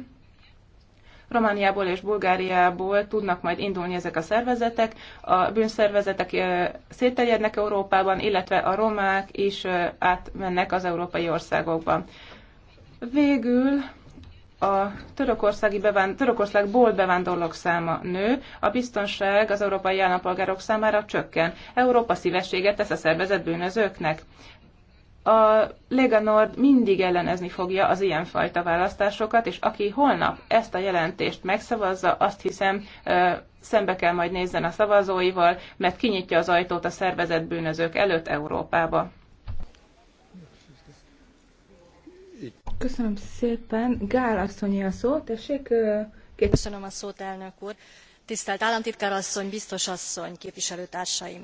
Romániából és Bulgáriából tudnak majd indulni ezek a szervezetek, a bűnszervezetek szétterjednek Európában, illetve a romák is átmennek az európai országokban. Végül a törökországi bevánd, törökországból bevándorlók száma nő, a biztonság az európai állampolgárok számára csökken. Európa szívességet tesz a szervezet bűnözőknek a Lega Nord mindig ellenezni fogja az ilyenfajta választásokat, és aki holnap ezt a jelentést megszavazza, azt hiszem szembe kell majd nézzen a szavazóival, mert kinyitja az ajtót a szervezett bűnözők előtt Európába. Köszönöm szépen. Gál asszonyi a szó, tessék. Két... Köszönöm a szót, elnök úr. Tisztelt államtitkár asszony, biztos asszony, képviselőtársaim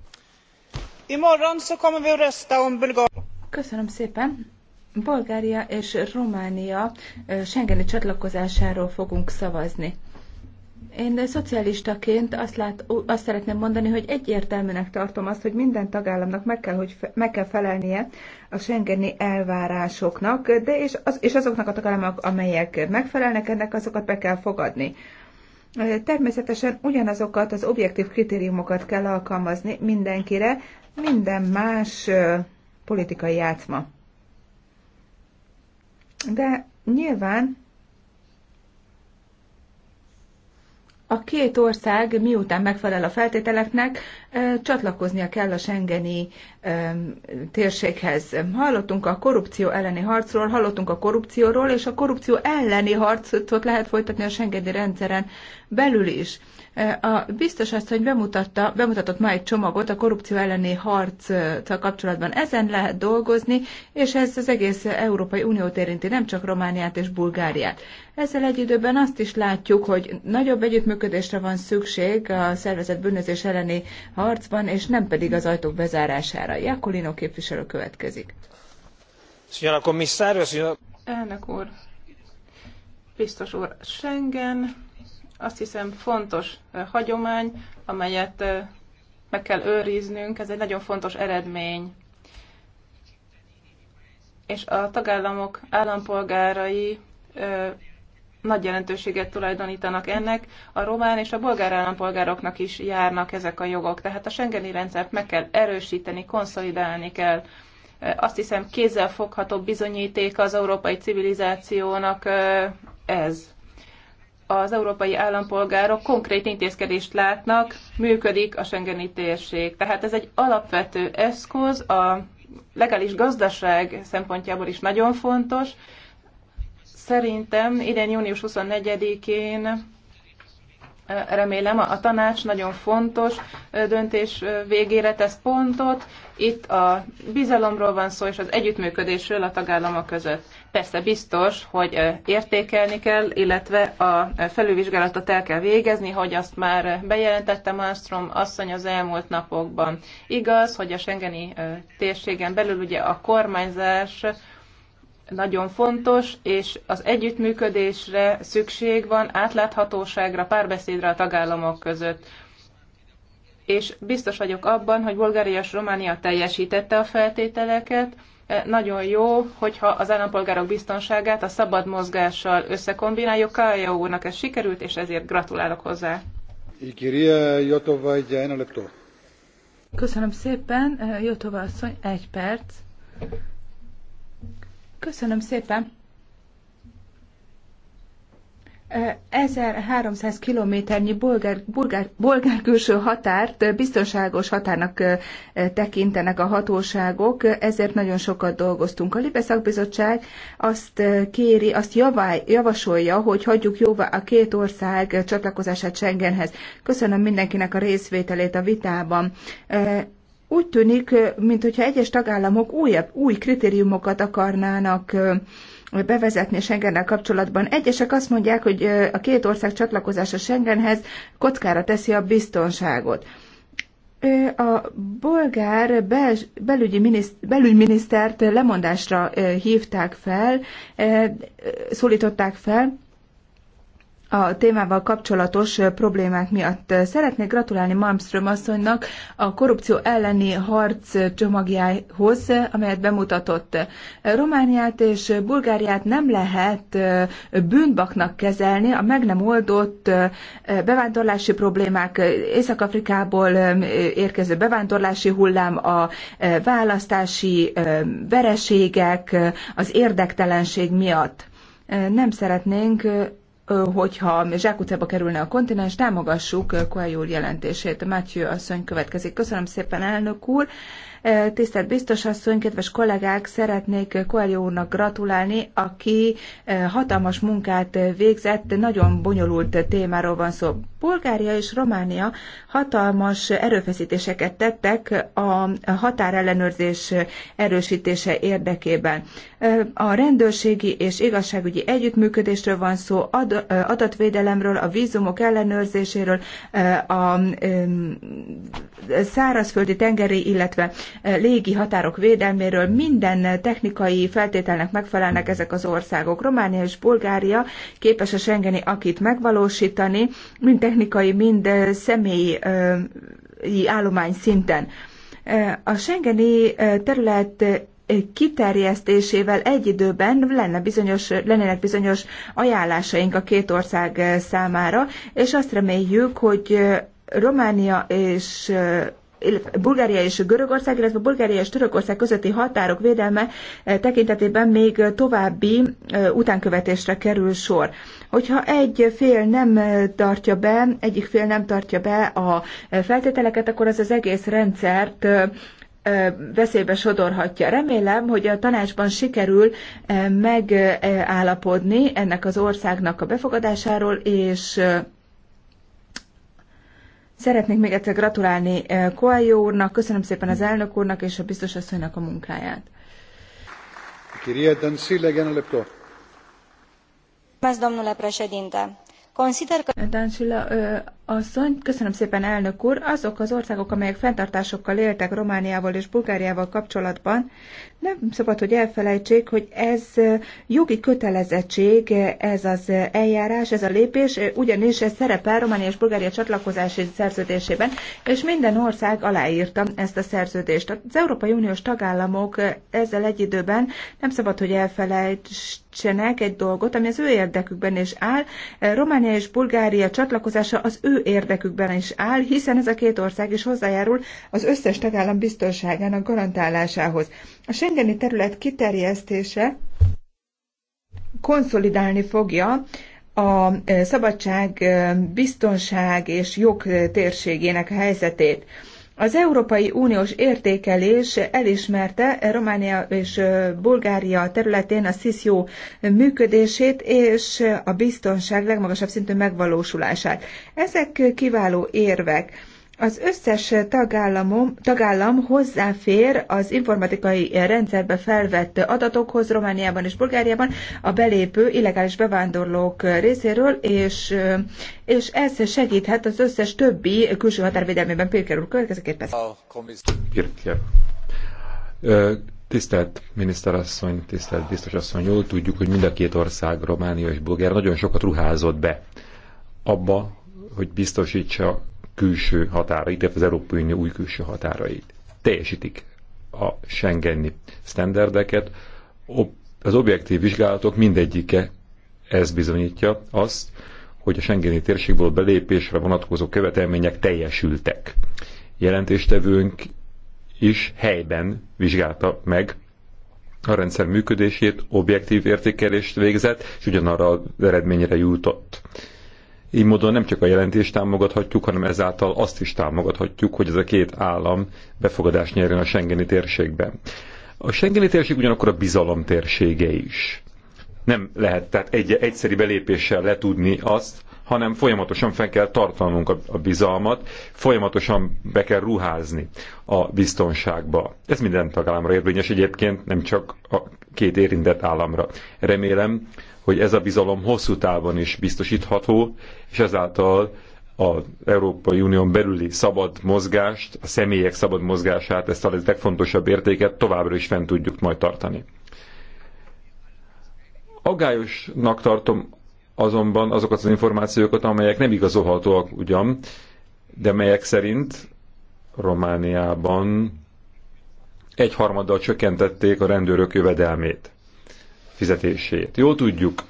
Köszönöm szépen. Bulgária és Románia Schengeni csatlakozásáról fogunk szavazni. Én szocialistaként azt, lát, azt szeretném mondani, hogy egyértelműnek tartom azt, hogy minden tagállamnak meg kell, hogy fe, meg kell felelnie a Schengeni elvárásoknak, de és, az, és azoknak a tagállamok, amelyek megfelelnek ennek, azokat be kell fogadni. Természetesen ugyanazokat az objektív kritériumokat kell alkalmazni mindenkire, minden más politikai játszma. De nyilván a két ország miután megfelel a feltételeknek, csatlakoznia kell a Schengeni térséghez. Hallottunk a korrupció elleni harcról, hallottunk a korrupcióról, és a korrupció elleni harcot lehet folytatni a Schengeni rendszeren belül is. A biztos azt, hogy bemutatta, bemutatott ma egy csomagot a korrupció elleni harc kapcsolatban. Ezen lehet dolgozni, és ez az egész Európai Uniót érinti, nem csak Romániát és Bulgáriát. Ezzel egy időben azt is látjuk, hogy nagyobb együttműködésre van szükség a szervezet bűnözés elleni harcban, és nem pedig az ajtók bezárására. Jakolino képviselő következik. Szia, commissario, szia. Elnök úr, biztos úr, Schengen, azt hiszem fontos hagyomány, amelyet meg kell őriznünk, ez egy nagyon fontos eredmény. És a tagállamok állampolgárai nagy jelentőséget tulajdonítanak ennek, a román és a bolgár állampolgároknak is járnak ezek a jogok. Tehát a Schengeni rendszert meg kell erősíteni, konszolidálni kell. Azt hiszem kézzelfogható fogható bizonyíték az európai civilizációnak ez az európai állampolgárok konkrét intézkedést látnak, működik a Schengeni térség. Tehát ez egy alapvető eszköz, a legális gazdaság szempontjából is nagyon fontos. Szerintem idén június 24-én remélem a tanács nagyon fontos döntés végére tesz pontot. Itt a bizalomról van szó, és az együttműködésről a tagállamok között. Persze biztos, hogy értékelni kell, illetve a felülvizsgálatot el kell végezni, hogy azt már bejelentette Malmström asszony az elmúlt napokban. Igaz, hogy a Schengeni térségen belül ugye a kormányzás nagyon fontos, és az együttműködésre szükség van, átláthatóságra, párbeszédre a tagállamok között. És biztos vagyok abban, hogy Bulgária és Románia teljesítette a feltételeket, e, nagyon jó, hogyha az állampolgárok biztonságát a szabad mozgással összekombináljuk. Kája úrnak ez sikerült, és ezért gratulálok hozzá. Köszönöm szépen, e, Jotova asszony, egy perc. Köszönöm szépen. 1300 kilométernyi bolgár, bolgár, bolgár külső határt biztonságos határnak tekintenek a hatóságok, ezért nagyon sokat dolgoztunk. A Libe szakbizottság azt kéri, azt javály, javasolja, hogy hagyjuk jóvá a két ország csatlakozását Schengenhez. Köszönöm mindenkinek a részvételét a vitában. Úgy tűnik, mintha egyes tagállamok újabb, új kritériumokat akarnának bevezetni Schengennel kapcsolatban. Egyesek azt mondják, hogy a két ország csatlakozása Schengenhez kockára teszi a biztonságot. A bolgár belügyi miniszt, belügyminisztert lemondásra hívták fel, szólították fel, a témával kapcsolatos problémák miatt. Szeretnék gratulálni Malmström asszonynak a korrupció elleni harc csomagjához, amelyet bemutatott. Romániát és Bulgáriát nem lehet bűnbaknak kezelni, a meg nem oldott bevándorlási problémák, Észak-Afrikából érkező bevándorlási hullám, a választási vereségek, az érdektelenség miatt. Nem szeretnénk hogyha zsákutcába kerülne a kontinens, támogassuk úr jelentését. Mátyő asszony következik. Köszönöm szépen, elnök úr. Tisztelt biztos asszony, kedves kollégák, szeretnék Koelyó úrnak gratulálni, aki hatalmas munkát végzett, nagyon bonyolult témáról van szó. Bulgária és Románia hatalmas erőfeszítéseket tettek a határellenőrzés erősítése érdekében. A rendőrségi és igazságügyi együttműködésről van szó, adatvédelemről, a vízumok ellenőrzéséről, a szárazföldi, tengeri, illetve légi határok védelméről. Minden technikai feltételnek megfelelnek ezek az országok. Románia és Bulgária képes a Schengeni akit megvalósítani, mind technikai, mind személyi állomány szinten. A Schengeni terület kiterjesztésével egy időben lenne bizonyos, lennének bizonyos ajánlásaink a két ország eh, számára, és azt reméljük, hogy eh, Románia és eh, Bulgária és Görögország, illetve Bulgária és Törökország közötti határok védelme tekintetében még további utánkövetésre kerül sor. Hogyha egy fél nem tartja be, egyik fél nem tartja be a feltételeket, akkor az az egész rendszert veszélybe sodorhatja. Remélem, hogy a tanácsban sikerül megállapodni ennek az országnak a befogadásáról, és Szeretnék még egyszer gratulálni Koályó úrnak, köszönöm szépen az elnök úrnak és a biztos asszonynak a munkáját. Köszönöm, domnule președinte. Consider că... Dancila, asszony, köszönöm szépen elnök úr. Azok az országok, amelyek fenntartásokkal éltek Romániával és Bulgáriával kapcsolatban, nem szabad, hogy elfelejtsék, hogy ez jogi kötelezettség, ez az eljárás, ez a lépés, ugyanis ez szerepel Románia és Bulgária csatlakozási szerződésében, és minden ország aláírta ezt a szerződést. Az Európai Uniós tagállamok ezzel egy időben nem szabad, hogy elfelejtsenek egy dolgot, ami az ő érdekükben is áll. Románia és Bulgária csatlakozása az ő érdekükben is áll, hiszen ez a két ország is hozzájárul az összes tagállam biztonságának garantálásához. A Schengeni terület kiterjesztése konszolidálni fogja a e, szabadság, e, biztonság és jog térségének helyzetét. Az Európai Uniós értékelés elismerte Románia és Bulgária területén a CISZJÓ működését és a biztonság legmagasabb szintű megvalósulását. Ezek kiváló érvek az összes tagállamom, tagállam hozzáfér az informatikai rendszerbe felvett adatokhoz Romániában és Bulgáriában a belépő illegális bevándorlók részéről, és, és ez segíthet az összes többi külső határvédelmében. Pirker úr, következőképpen. Pirker. Tisztelt miniszterasszony, tisztelt biztosasszony, jól tudjuk, hogy mind a két ország, Románia és Bulgária nagyon sokat ruházott be abba, hogy biztosítsa külső határait, illetve az Európai Unió új külső határait. Teljesítik a Schengeni sztenderdeket. Az objektív vizsgálatok mindegyike ez bizonyítja azt, hogy a Schengeni térségből belépésre vonatkozó követelmények teljesültek. Jelentéstevőnk is helyben vizsgálta meg a rendszer működését, objektív értékelést végzett, és ugyanarra az eredményre jutott. Így módon nem csak a jelentést támogathatjuk, hanem ezáltal azt is támogathatjuk, hogy ez a két állam befogadást nyerjen a Schengeni térségben. A Schengeni térség ugyanakkor a bizalom térsége is. Nem lehet tehát egy egyszeri belépéssel letudni azt, hanem folyamatosan fel kell tartanunk a, a bizalmat, folyamatosan be kell ruházni a biztonságba. Ez minden tagállamra érvényes egyébként, nem csak a két érintett államra. Remélem, hogy ez a bizalom hosszú távon is biztosítható, és ezáltal az Európai Unión belüli szabad mozgást, a személyek szabad mozgását, ezt a legfontosabb értéket továbbra is fent tudjuk majd tartani. Agályosnak tartom azonban azokat az információkat, amelyek nem igazolhatóak ugyan, de melyek szerint Romániában egyharmaddal csökkentették a rendőrök jövedelmét fizetését. Jó tudjuk,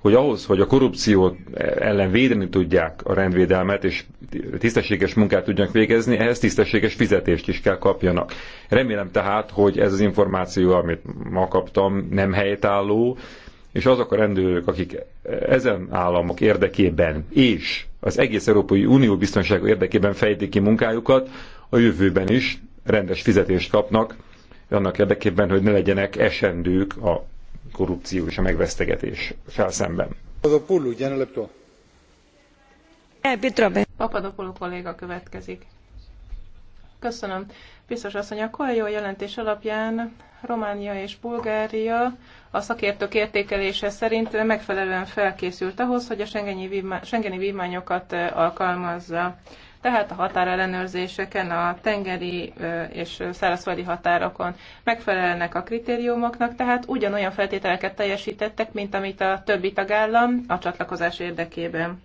hogy ahhoz, hogy a korrupciót ellen védeni tudják a rendvédelmet, és tisztességes munkát tudjanak végezni, ehhez tisztességes fizetést is kell kapjanak. Remélem tehát, hogy ez az információ, amit ma kaptam, nem helytálló, és azok a rendőrök, akik ezen államok érdekében és az egész Európai Unió biztonsága érdekében fejtik ki munkájukat, a jövőben is rendes fizetést kapnak, annak érdekében, hogy ne legyenek esendők a korrupció és a megvesztegetés szemben. Papadopoulou, gyeneleptó. Papadopoulou kolléga következik. Köszönöm. Biztos asszony, a Koelyó jelentés alapján Románia és Bulgária a szakértők értékelése szerint megfelelően felkészült ahhoz, hogy a Schengeni vívmányokat eh, alkalmazza tehát a határellenőrzéseken, a tengeri és szárazföldi határokon megfelelnek a kritériumoknak, tehát ugyanolyan feltételeket teljesítettek, mint amit a többi tagállam a csatlakozás érdekében.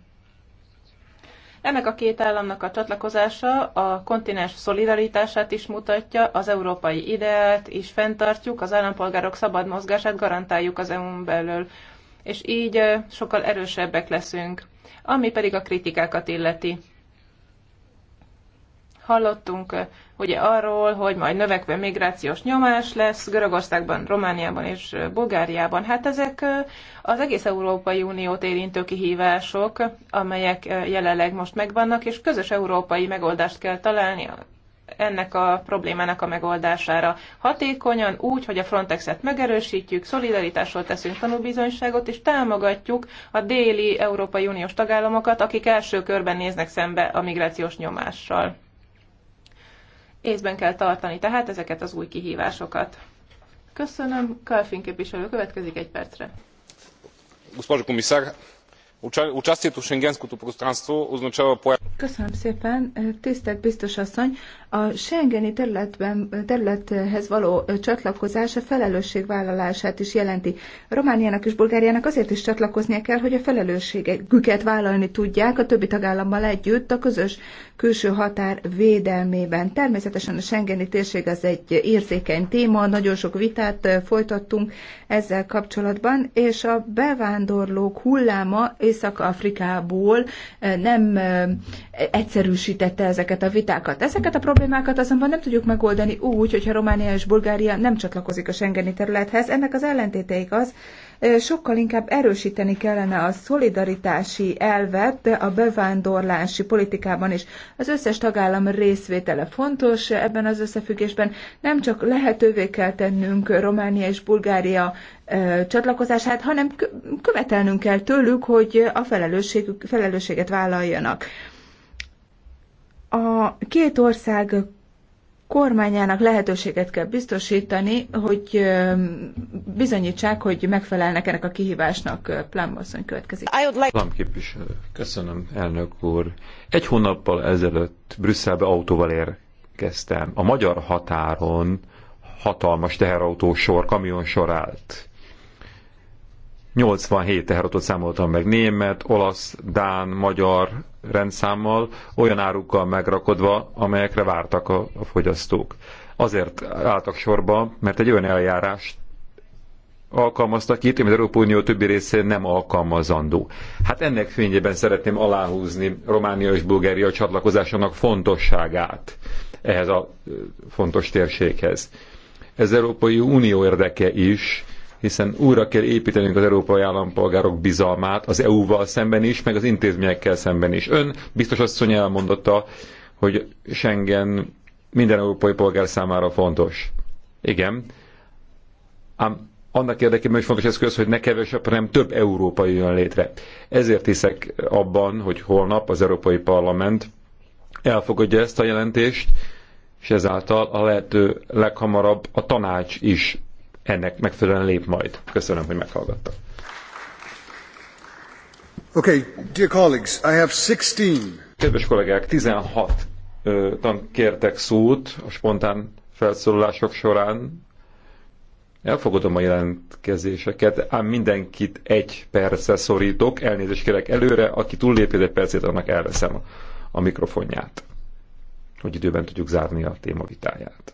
Ennek a két államnak a csatlakozása a kontinens szolidaritását is mutatja, az európai ideát is fenntartjuk, az állampolgárok szabad mozgását garantáljuk az EU-n belül, és így sokkal erősebbek leszünk. Ami pedig a kritikákat illeti. Hallottunk ugye arról, hogy majd növekvő migrációs nyomás lesz Görögországban, Romániában és Bulgáriában. Hát ezek az egész Európai Uniót érintő kihívások, amelyek jelenleg most megvannak, és közös európai megoldást kell találni ennek a problémának a megoldására. Hatékonyan úgy, hogy a Frontexet megerősítjük, szolidaritásról teszünk tanúbizonyságot, és támogatjuk a déli Európai Uniós tagállamokat, akik első körben néznek szembe a migrációs nyomással észben kell tartani tehát ezeket az új kihívásokat. Köszönöm, Kalfin képviselő következik egy percre. Госпожо комисар, Участието в шенгенското пространство означава Köszönöm szépen, tisztelt biztos asszony! A Schengeni területben, területhez való csatlakozás a felelősségvállalását is jelenti. Romániának és Bulgáriának azért is csatlakoznia kell, hogy a felelősségüket vállalni tudják a többi tagállammal együtt a közös külső határ védelmében. Természetesen a Schengeni térség az egy érzékeny téma, nagyon sok vitát folytattunk ezzel kapcsolatban, és a bevándorlók hulláma Észak-Afrikából eh, nem eh, egyszerűsítette ezeket a vitákat. Ezeket a problémákat azonban nem tudjuk megoldani úgy, hogyha Románia és Bulgária nem csatlakozik a Schengeni területhez. Ennek az ellentéteik az, sokkal inkább erősíteni kellene a szolidaritási elvet a bevándorlási politikában is. Az összes tagállam részvétele fontos ebben az összefüggésben. Nem csak lehetővé kell tennünk Románia és Bulgária csatlakozását, hanem követelnünk kell tőlük, hogy a felelősségük, felelősséget vállaljanak. A két ország kormányának lehetőséget kell biztosítani, hogy bizonyítsák, hogy megfelelnek ennek a kihívásnak. Plámbasszony következik. Plám képviselő. Köszönöm, elnök úr. Egy hónappal ezelőtt Brüsszelbe autóval érkeztem. A magyar határon hatalmas teherautó sor, kamion sor állt. 87 teherautót számoltam meg német, olasz, dán, magyar rendszámmal, olyan árukkal megrakodva, amelyekre vártak a, a fogyasztók. Azért álltak sorba, mert egy olyan eljárást alkalmaztak itt, amit az Európai Unió többi részén nem alkalmazandó. Hát ennek fényében szeretném aláhúzni Románia és Bulgária csatlakozásának fontosságát ehhez a fontos térséghez. Ez Európai Unió érdeke is, hiszen újra kell építenünk az európai állampolgárok bizalmát az EU-val szemben is, meg az intézményekkel szemben is. Ön biztos asszony elmondotta, hogy Schengen minden európai polgár számára fontos. Igen, ám annak érdekében is fontos eszköz, hogy ne kevesebb, hanem több Európa jön létre. Ezért hiszek abban, hogy holnap az Európai Parlament elfogadja ezt a jelentést, és ezáltal a lehető leghamarabb a tanács is ennek megfelelően lép majd. Köszönöm, hogy meghallgattak. Okay, dear colleagues, I have 16. Kedves kollégák, 16 tan kértek szót a spontán felszólalások során. Elfogadom a jelentkezéseket, ám mindenkit egy percre szorítok, elnézést kérek előre, aki túllépi egy percét, annak elveszem a mikrofonját, hogy időben tudjuk zárni a téma vitáját.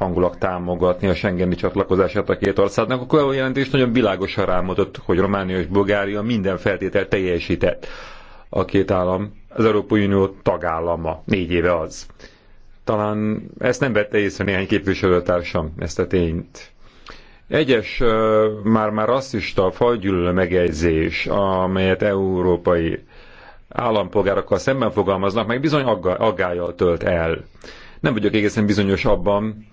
egyhangulag támogatni a Schengeni csatlakozását a két országnak, akkor a jelentés nagyon világosan rámutat, hogy Románia és Bulgária minden feltételt teljesített a két állam. Az Európai Unió tagállama, négy éve az. Talán ezt nem vette észre néhány képviselőtársam, ezt a tényt. Egyes már-már rasszista fajgyűlölő megjegyzés, amelyet európai állampolgárokkal szemben fogalmaznak, meg bizony aggályal tölt el. Nem vagyok egészen bizonyos abban,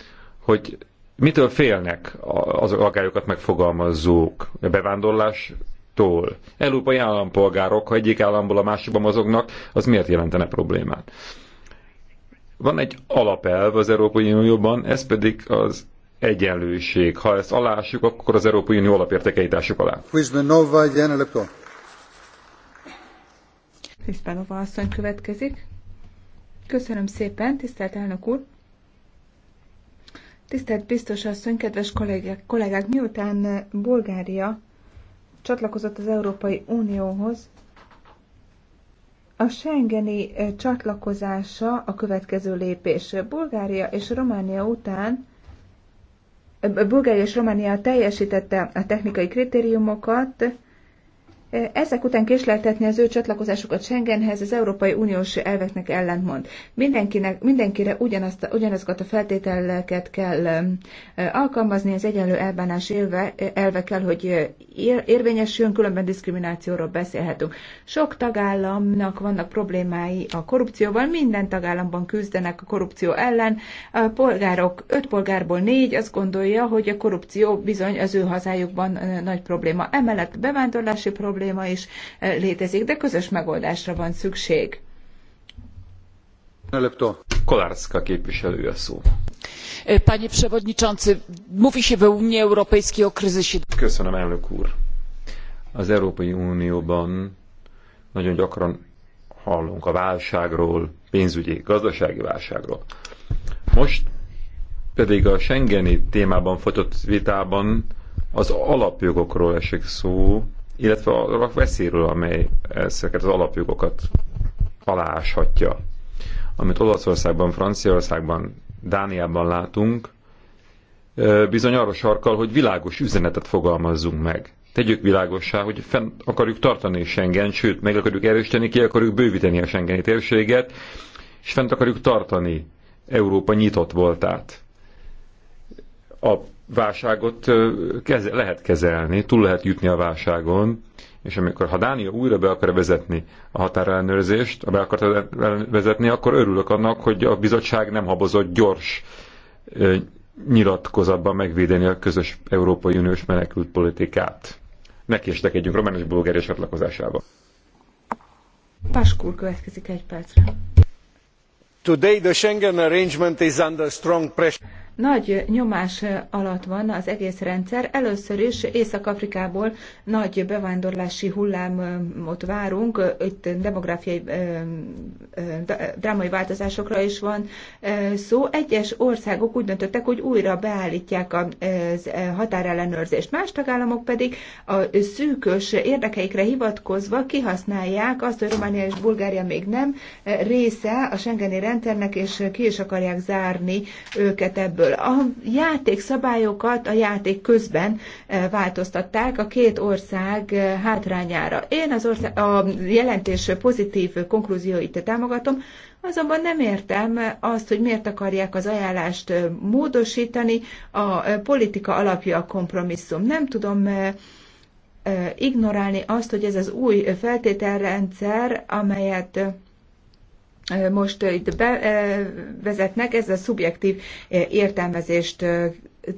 hogy mitől félnek az agályokat megfogalmazók a bevándorlástól? Európai állampolgárok, ha egyik államból a másikba mozognak, az miért jelentene problémát? Van egy alapelv az Európai Unióban, ez pedig az egyenlőség. Ha ezt alássuk, akkor az Európai Unió alapértékeit ássuk alá. Fizmenova asszony következik. Köszönöm szépen, tisztelt elnök úr! Tisztelt biztos asszony, kedves kollégák, kollégák, miután eh, Bulgária csatlakozott az Európai Unióhoz, a Schengeni eh, csatlakozása a következő lépés. Bulgária és Románia után eh, Bulgária és Románia teljesítette a technikai kritériumokat, ezek után késleltetni az ő csatlakozásukat Schengenhez az Európai Uniós elveknek ellentmond. Mindenkinek, mindenkire ugyanazt, ugyanazokat a feltételeket kell alkalmazni, az egyenlő elbánás élve, elve kell, hogy érvényesüljön, különben diszkriminációról beszélhetünk. Sok tagállamnak vannak problémái a korrupcióval, minden tagállamban küzdenek a korrupció ellen. A polgárok, öt polgárból négy azt gondolja, hogy a korrupció bizony az ő hazájukban nagy probléma. Emellett bevándorlási probléma, probléma is eh, létezik, de közös megoldásra van szükség. Kolarska képviselő a szó. Eh, panie przewodniczący, mówi się w Unii Europejskiej o kryzysie. Köszönöm, elnök úr. Az Európai Unióban nagyon gyakran hallunk a válságról, pénzügyi, gazdasági válságról. Most pedig a Schengeni témában folytott vitában az alapjogokról esik szó, illetve a veszélyről, amely ezeket az alapjogokat aláshatja. Amit Olaszországban, Franciaországban, Dániában látunk, bizony arra sarkal, hogy világos üzenetet fogalmazzunk meg. Tegyük világossá, hogy fenn akarjuk tartani Schengen, sőt, meg akarjuk erősíteni, ki akarjuk bővíteni a Schengeni térséget, és fent akarjuk tartani Európa nyitott voltát. A válságot keze, lehet kezelni, túl lehet jutni a válságon, és amikor ha Dánia újra be akar vezetni a határellenőrzést, be akar vezetni, akkor örülök annak, hogy a bizottság nem habozott gyors nyilatkozatban megvédeni a közös Európai Uniós menekült politikát. Ne együnk Román és bulgári csatlakozásába. Paskúr következik egy percre. Today the Schengen arrangement is under strong pressure nagy nyomás alatt van az egész rendszer. Először is Észak-Afrikából nagy bevándorlási hullámot várunk, itt demográfiai drámai változásokra is van szó. Egyes országok úgy döntöttek, hogy újra beállítják a határellenőrzést, más tagállamok pedig a szűkös érdekeikre hivatkozva kihasználják azt, hogy Románia és Bulgária még nem része a Schengeni rendszernek, és ki is akarják zárni őket ebből ebből. A játékszabályokat a játék közben eh, változtatták a két ország eh, hátrányára. Én az ország, a jelentés pozitív konklúzióit támogatom, azonban nem értem azt, hogy miért akarják az ajánlást eh, módosítani. A politika alapja a kompromisszum. Nem tudom ignorálni azt, hogy ez az új feltételrendszer, amelyet most itt bevezetnek, ez a szubjektív értelmezést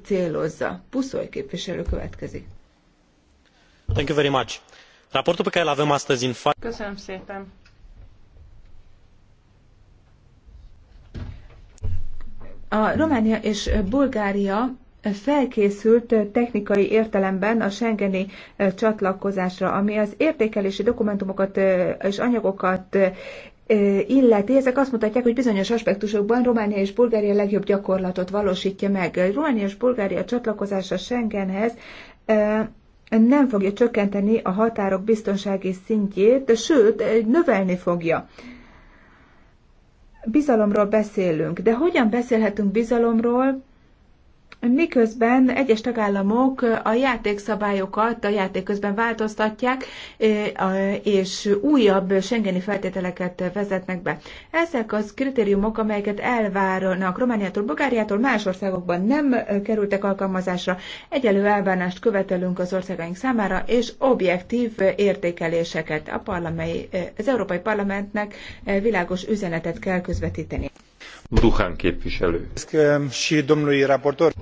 célozza. Puszolj képviselő következik. Thank you very much. Raportul pe care îl avem astăzi în față... Köszönöm szépen. A Románia és Bulgária felkészült technikai értelemben a Schengeni csatlakozásra, ami az értékelési dokumentumokat és anyagokat illeti, ezek azt mutatják, hogy bizonyos aspektusokban Románia és Bulgária legjobb gyakorlatot valósítja meg. Románia és Bulgária csatlakozása Schengenhez nem fogja csökkenteni a határok biztonsági szintjét, sőt, növelni fogja. Bizalomról beszélünk, de hogyan beszélhetünk bizalomról, Miközben egyes tagállamok a játékszabályokat a játék közben változtatják, és újabb Schengeni feltételeket vezetnek be. Ezek az kritériumok, amelyeket elvárnak Romániától, Bulgáriától, más országokban nem kerültek alkalmazásra. Egyelő elvárást követelünk az országaink számára, és objektív értékeléseket a parlamenti az Európai Parlamentnek világos üzenetet kell közvetíteni. Duhán képviselő.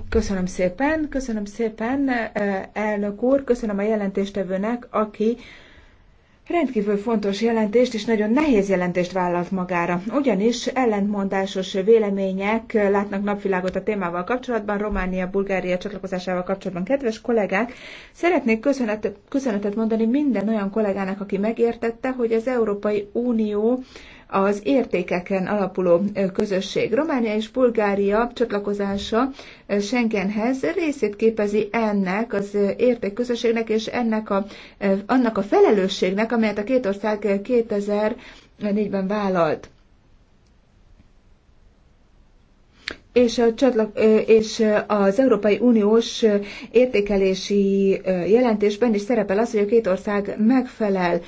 Köszönöm szépen, köszönöm szépen, eh, elnök úr, köszönöm a jelentéstevőnek, aki Rendkívül fontos jelentést és nagyon nehéz jelentést vállalt magára, ugyanis ellentmondásos vélemények látnak napvilágot a témával kapcsolatban, Románia, Bulgária csatlakozásával kapcsolatban. Kedves kollégák, szeretnék köszönet, köszönetet mondani minden olyan kollégának, aki megértette, hogy az Európai Unió az értékeken alapuló közösség. Románia és Bulgária csatlakozása Schengenhez részét képezi ennek az értékközösségnek és ennek a, annak a felelősségnek, amelyet a két ország 2004-ben vállalt. és, a csatlak, és az Európai Uniós értékelési jelentésben is szerepel az, hogy a két ország megfelel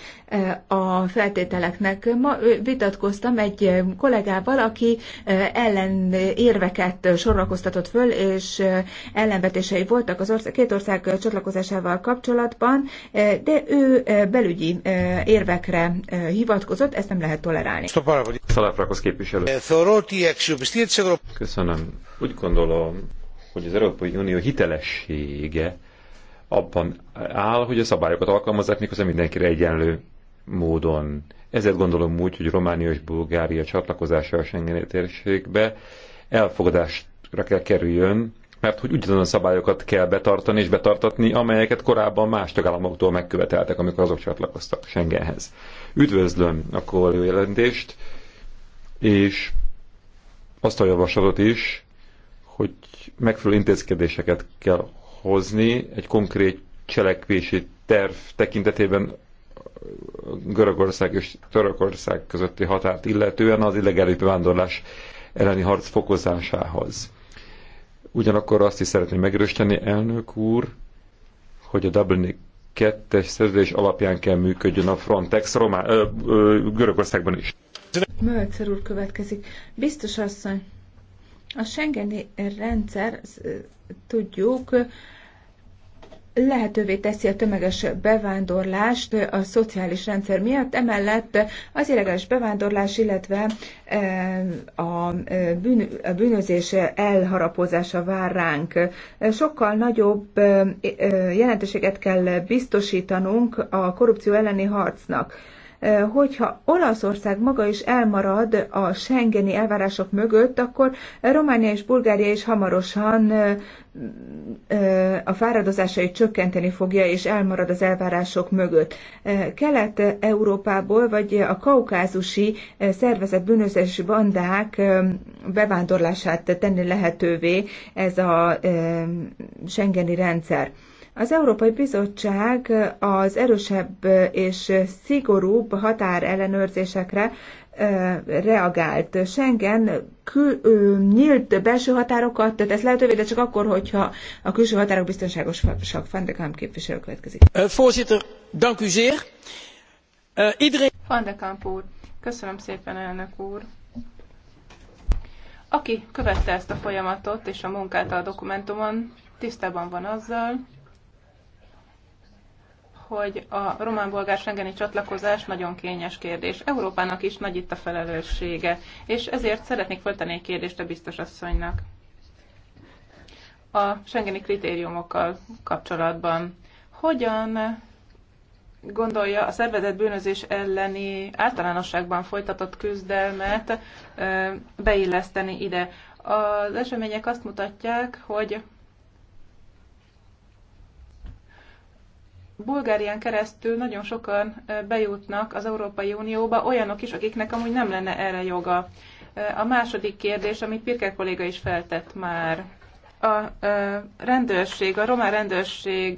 a feltételeknek. Ma vitatkoztam egy kollégával, aki ellen érveket sorrakoztatott föl, és ellenvetései voltak az ország, két ország csatlakozásával kapcsolatban, de ő belügyi érvekre hivatkozott, ezt nem lehet tolerálni. Szaláfrakosz képviselő. Eh, Köszönöm. Úgy gondolom, hogy az Európai Unió hitelessége abban áll, hogy a szabályokat alkalmazzák, miközben mindenkire egyenlő módon. Ezért gondolom úgy, hogy Románia és Bulgária csatlakozása a Schengeni térségbe elfogadásra kell kerüljön, mert hogy ugyanazon szabályokat kell betartani és betartatni, amelyeket korábban más tagállamoktól megköveteltek, amikor azok csatlakoztak Schengenhez. Üdvözlöm a koaló jelentést, és azt a javaslatot is, hogy megfelelő intézkedéseket kell hozni egy konkrét cselekvési terv tekintetében Görögország és Törökország közötti határt illetően az illegális bevándorlás elleni harc fokozásához. Ugyanakkor azt is szeretném megerősíteni, elnök úr, hogy a Dublini kettes szerződés alapján kell működjön a Frontex Román, ö, ö, Görögországban is. Mölcer úr következik. Biztos asszony, a Schengeni rendszer, tudjuk, lehetővé teszi a tömeges bevándorlást a szociális rendszer miatt, emellett az illegális bevándorlás, illetve e, a, e, bűn, a bűnözés elharapozása vár ránk. Sokkal nagyobb e, jelentőséget kell biztosítanunk a korrupció elleni harcnak hogyha Olaszország maga is elmarad a Schengeni elvárások mögött, akkor Románia és Bulgária is hamarosan a fáradozásait csökkenteni fogja, és elmarad az elvárások mögött. Kelet-Európából, vagy a kaukázusi szervezet bűnözési bandák bevándorlását tenni lehetővé ez a Schengeni rendszer. Az Európai Bizottság az erősebb és szigorúbb határellenőrzésekre reagált. Schengen kül, ö, nyílt belső határokat tesz lehetővé, de csak akkor, hogyha a külső határok biztonságosak. Van de Kamp képviselő következik. Van de Kamp úr. Köszönöm szépen, elnök úr. Aki követte ezt a folyamatot és a munkát a dokumentumon, tisztában van azzal, hogy a román-bolgár sengeni csatlakozás nagyon kényes kérdés. Európának is nagy itt a felelőssége, és ezért szeretnék föltenni egy kérdést a biztos asszonynak. A sengeni kritériumokkal kapcsolatban hogyan gondolja a szervezet bűnözés elleni általánosságban folytatott küzdelmet beilleszteni ide? Az események azt mutatják, hogy Bulgárián keresztül nagyon sokan bejutnak az Európai Unióba, olyanok is, akiknek amúgy nem lenne erre joga. A második kérdés, amit Pirke kolléga is feltett már. A rendőrség, a román rendőrség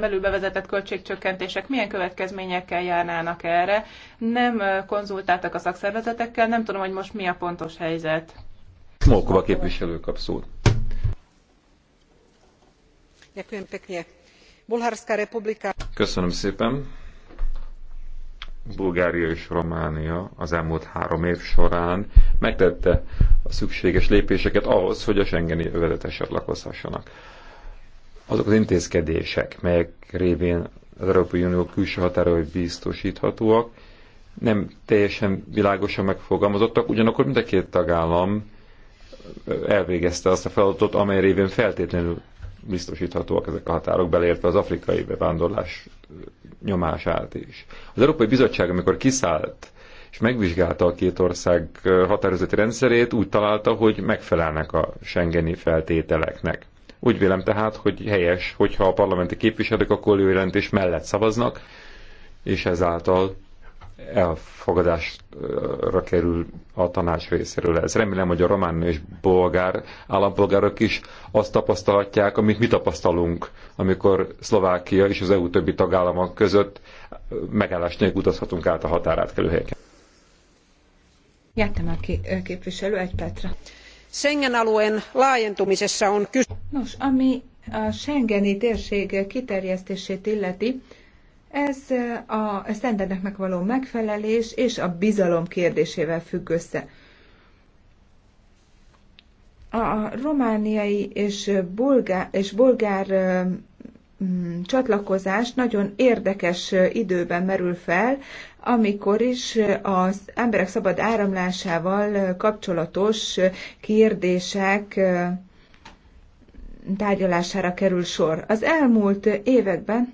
belül bevezetett költségcsökkentések milyen következményekkel járnának erre? Nem konzultáltak a szakszervezetekkel, nem tudom, hogy most mi a pontos helyzet. Smolkova képviselő kap szót. Ďakujem Bulharská republika... Köszönöm szépen. Bulgária és Románia az elmúlt három év során megtette a szükséges lépéseket ahhoz, hogy a Schengeni övezetes csatlakozhassanak. Azok az intézkedések, melyek révén az Európai Unió külső határai biztosíthatóak, nem teljesen világosan megfogalmazottak, ugyanakkor mind a két tagállam elvégezte azt a feladatot, amely révén feltétlenül biztosíthatóak ezek a határok, beleértve az afrikai bevándorlás nyomását is. Az Európai Bizottság, amikor kiszállt és megvizsgálta a két ország határozati rendszerét, úgy találta, hogy megfelelnek a Schengeni feltételeknek. Úgy vélem tehát, hogy helyes, hogyha a parlamenti képviselők a kollőjelentés mellett szavaznak, és ezáltal elfogadásra kerül a tanács részéről ez. Remélem, hogy a román és bolgár állampolgárok is azt tapasztalhatják, amit mi tapasztalunk, amikor Szlovákia és az EU többi tagállama között megállás nélkül utazhatunk át a határátkelő helyeken. Jártam a képviselő egy percre. Schengen alueen laajentumisessa on kysymys. Nos, ami a Schengeni térség kiterjesztését illeti, ez a sztenderdeknek való megfelelés és a bizalom kérdésével függ össze. A romániai és bulgár, és bulgár csatlakozás nagyon érdekes időben merül fel, amikor is az emberek szabad áramlásával kapcsolatos kérdések tárgyalására kerül sor. Az elmúlt években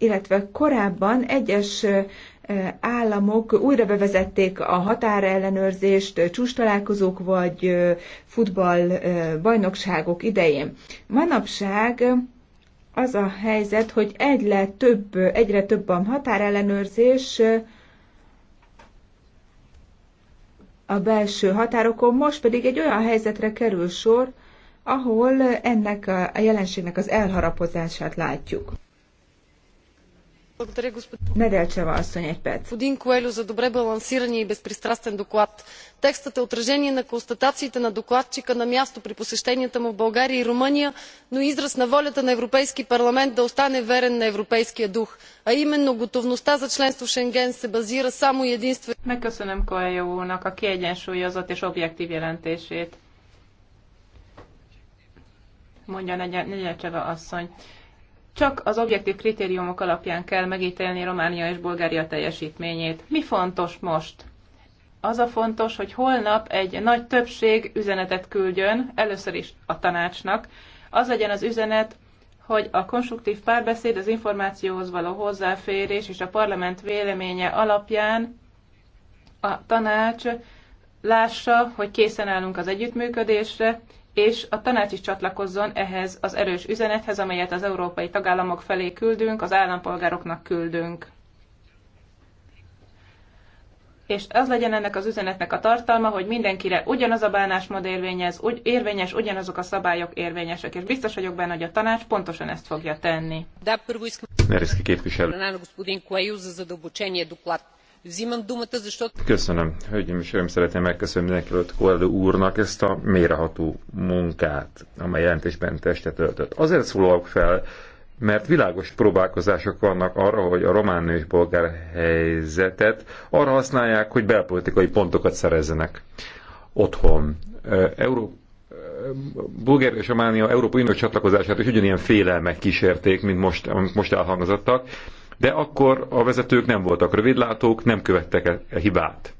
illetve korábban egyes államok újra bevezették a határellenőrzést csústalálkozók vagy futball bajnokságok idején. Manapság az a helyzet, hogy egyre több, egyre több a határellenőrzés a belső határokon, most pedig egy olyan helyzetre kerül sor, ahol ennek a jelenségnek az elharapozását látjuk. Господин Коелю за добре балансирания и безпристрастен доклад. Текстът е отражение на констатациите на докладчика на място при посещенията му в българя и Румъния, но и израз на волята на европейския парламент да остане верен на европейския дух, а именно готовността за членство в Шенген се базира само и единствено... Csak az objektív kritériumok alapján kell megítélni Románia és Bulgária teljesítményét. Mi fontos most? Az a fontos, hogy holnap egy nagy többség üzenetet küldjön, először is a tanácsnak. Az legyen az üzenet, hogy a konstruktív párbeszéd, az információhoz való hozzáférés és a parlament véleménye alapján a tanács lássa, hogy készen állunk az együttműködésre, és a tanács is csatlakozzon ehhez az erős üzenethez, amelyet az európai tagállamok felé küldünk, az állampolgároknak küldünk. És az legyen ennek az üzenetnek a tartalma, hogy mindenkire ugyanaz a bánásmód érvényez, úgy, érvényes, ugyanazok a szabályok érvényesek. És biztos vagyok benne, hogy a tanács pontosan ezt fogja tenni. Nereszki képviselő. Köszönöm, hölgyeim és uraim, szeretném megköszönni előtt Koelő úrnak ezt a méreható munkát, amely jelentésben testet öltött. Azért szólok fel, mert világos próbálkozások vannak arra, hogy a román és bolgár helyzetet arra használják, hogy belpolitikai pontokat szerezzenek otthon. Európa Bulgária és Románia Európa Unió csatlakozását is ugyanilyen félelmek kísérték, mint most, most elhangzottak de akkor a vezetők nem voltak rövidlátók, nem követtek el e hibát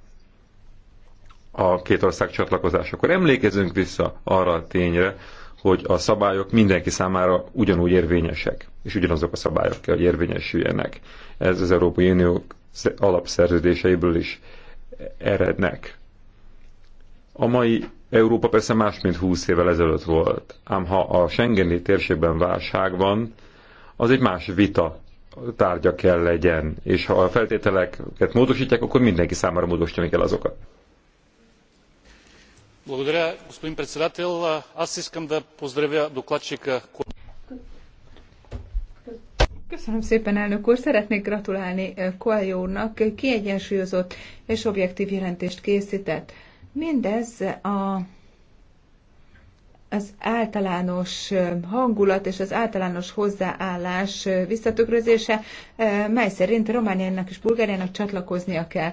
a két ország csatlakozásakor. Emlékezünk vissza arra a tényre, hogy a szabályok mindenki számára ugyanúgy érvényesek, és ugyanazok a szabályok kell, hogy érvényesüljenek. Ez az Európai Unió alapszerződéseiből is erednek. A mai Európa persze más, mint 20 évvel ezelőtt volt, ám ha a Schengeni térségben válság van, az egy más vita tárgya kell legyen, és ha a feltételeket módosítják, akkor mindenki számára módosítani kell azokat. Köszönöm szépen, elnök úr! Szeretnék gratulálni Koályó eh, úrnak, kiegyensúlyozott és objektív jelentést készített. Mindez a az általános hangulat és az általános hozzáállás visszatükrözése, mely szerint Romániának és Bulgáriának csatlakoznia kell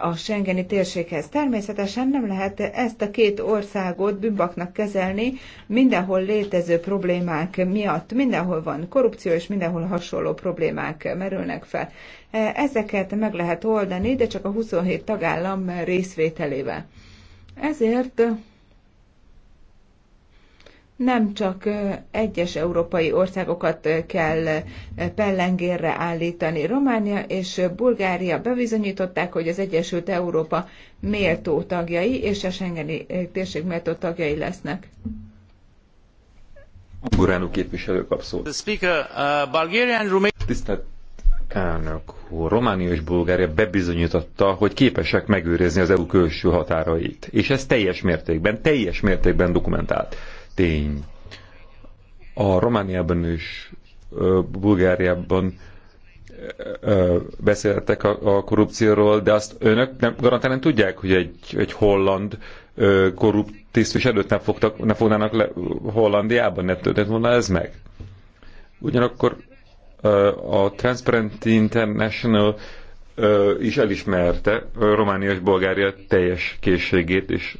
a Schengeni térséghez. Természetesen nem lehet ezt a két országot bűnbaknak kezelni mindenhol létező problémák miatt. Mindenhol van korrupció, és mindenhol hasonló problémák merülnek fel. Ezeket meg lehet oldani, de csak a 27 tagállam részvételével. Ezért nem csak egyes európai országokat kell pellengérre állítani. Románia és Bulgária bebizonyították, hogy az Egyesült Európa méltó tagjai és a Schengeni térség méltó tagjai lesznek. Buránú képviselő kap szót. Uh, Tisztelt elnök Románia és Bulgária bebizonyította, hogy képesek megőrizni az EU külső határait. És ez teljes mértékben, teljes mértékben dokumentált tény. A Romániában és Bulgáriában beszéltek a, a korrupcióról, de azt önök nem, garantálni tudják, hogy egy, egy holland korrupt tisztviselőt nem, fogtak, nem fognának le Hollandiában, ne történt volna ez meg. Ugyanakkor a Transparent International is elismerte Románia és Bulgária teljes készségét és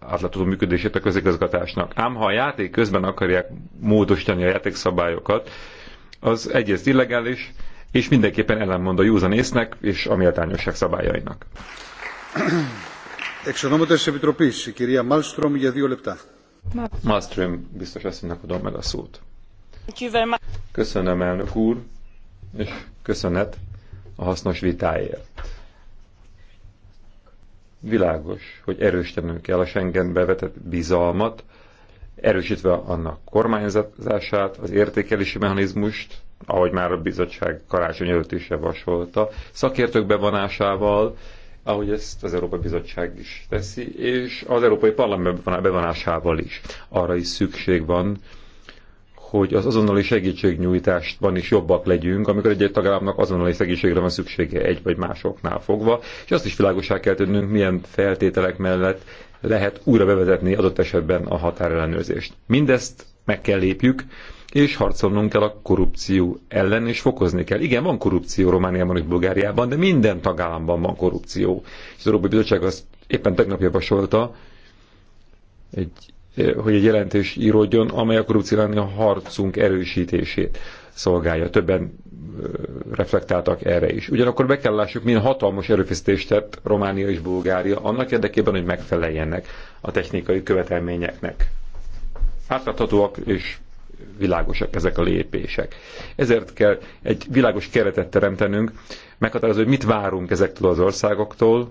átlátható működését a közigazgatásnak. Ám ha a játék közben akarják módosítani a játékszabályokat, az egyrészt illegális, és mindenképpen ellenmond a józan észnek és a méltányosság szabályainak. Malmström biztos asszonynak adom meg a szót. Köszönöm, elnök úr, és köszönet a hasznos vitáért. Világos, hogy erősítenünk kell a Schengen bevetett bizalmat, erősítve annak kormányzását, az értékelési mechanizmust, ahogy már a bizottság karácsony előtt is javasolta, szakértők bevonásával, ahogy ezt az Európai Bizottság is teszi, és az Európai Parlament bevonásával is. Arra is szükség van, hogy az azonnali segítségnyújtásban is jobbak legyünk, amikor egy-egy tagállamnak azonnali segítségre van szüksége egy vagy másoknál fogva, és azt is világosá kell tennünk, milyen feltételek mellett lehet újra bevezetni adott esetben a határellenőrzést. Mindezt meg kell lépjük, és harcolnunk kell a korrupció ellen, és fokozni kell. Igen, van korrupció Romániában és Bulgáriában, de minden tagállamban van korrupció. És az Európai Bizottság azt éppen tegnap javasolta egy Eh, hogy egy jelentés íródjon, amely a korrupció a harcunk erősítését szolgálja. Többen eh, reflektáltak erre is. Ugyanakkor be kell lássuk, milyen hatalmas erőfeszítést tett Románia és Bulgária annak érdekében, hogy megfeleljenek a technikai követelményeknek. Átláthatóak és világosak ezek a lépések. Ezért kell egy világos keretet teremtenünk, meghatározni, hogy mit várunk ezektől az országoktól,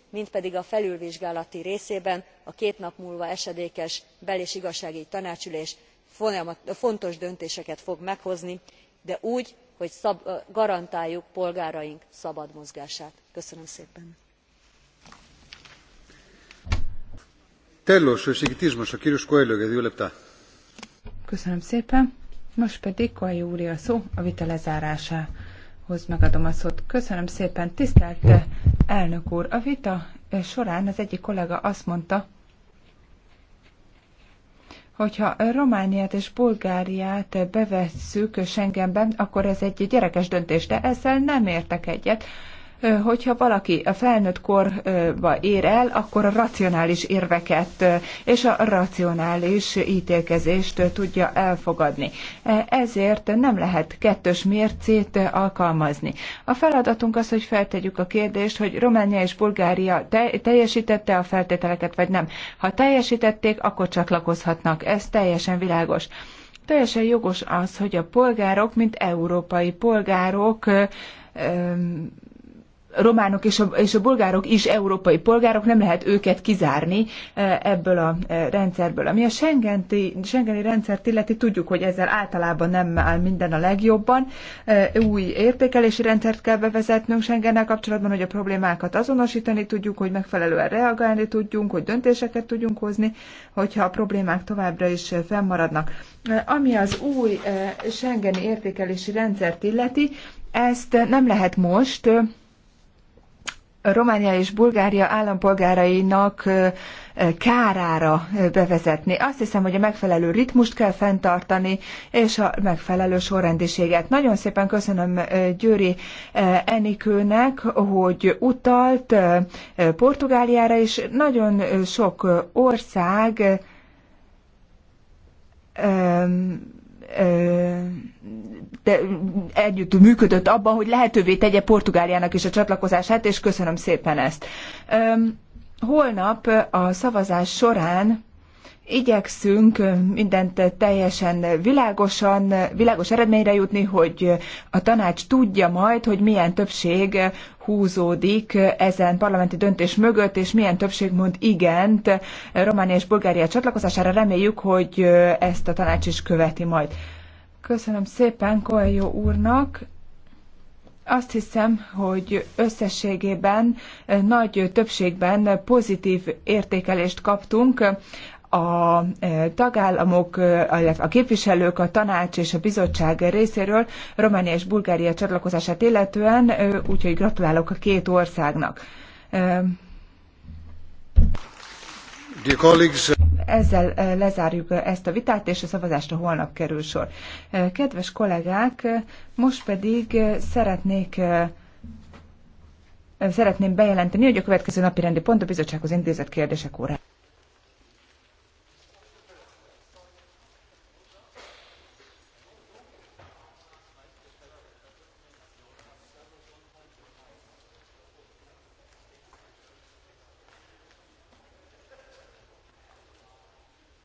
mind pedig a felülvizsgálati részében a két nap múlva esedékes bel és igazságügyi tanácsülés fontos döntéseket fog meghozni de úgy hogy garantáljuk polgáraink szabad mozgását. köszönöm szépen! Köszönöm szépen. Most pedig a szó a úrhoz megadom a szót. Köszönöm szépen, tisztelt eh, elnök úr. A vita eh, során az egyik kollega azt mondta, hogyha Romániát és Bulgáriát eh, bevesszük Schengenben, akkor ez egy gyerekes döntés, de ezzel nem értek egyet hogyha valaki a felnőtt korba ér el, akkor a racionális érveket és a racionális ítélkezést tudja elfogadni. Ezért nem lehet kettős mércét alkalmazni. A feladatunk az, hogy feltegyük a kérdést, hogy Románia és Bulgária teljesítette a feltételeket, vagy nem. Ha teljesítették, akkor csatlakozhatnak. Ez teljesen világos teljesen jogos az, hogy a polgárok, mint európai polgárok, románok és a, és a is európai polgárok, nem lehet őket kizárni e, ebből a e, rendszerből. Ami a Schengeni rendszert illeti, tudjuk, hogy ezzel általában nem áll minden a legjobban. E, új értékelési rendszert kell bevezetnünk Schengennel kapcsolatban, hogy a problémákat azonosítani tudjuk, hogy megfelelően reagálni tudjunk, hogy döntéseket tudjunk hozni, hogyha a problémák továbbra is fennmaradnak. Ami az új Schengeni értékelési rendszert illeti, ezt nem lehet most Románia és Bulgária állampolgárainak kárára bevezetni. Azt hiszem, hogy a megfelelő ritmust kell fenntartani, és a megfelelő sorrendiséget. Nagyon szépen köszönöm Győri Enikőnek, hogy utalt Portugáliára, és nagyon sok ország de együtt működött abban, hogy lehetővé tegye Portugáliának is a csatlakozását, és köszönöm szépen ezt. Holnap a szavazás során igyekszünk mindent teljesen világosan, világos eredményre jutni, hogy a tanács tudja majd, hogy milyen többség húzódik ezen parlamenti döntés mögött, és milyen többség mond igent Románia és Bulgária csatlakozására. Reméljük, hogy ezt a tanács is követi majd. Köszönöm szépen Koeljó úrnak. Azt hiszem, hogy összességében nagy többségben pozitív értékelést kaptunk a e, tagállamok, e, illetve a képviselők, a tanács és a bizottság részéről Románia és Bulgária csatlakozását illetően, e, úgyhogy gratulálok a két országnak. Uh, Ezzel lezárjuk ezt a vitát, és a szavazásra holnap kerül sor. Kedves kollégák, most pedig szeretnék szeretném bejelenteni, hogy a következő napi rendi pont a bizottsághoz intézett kérdések órája.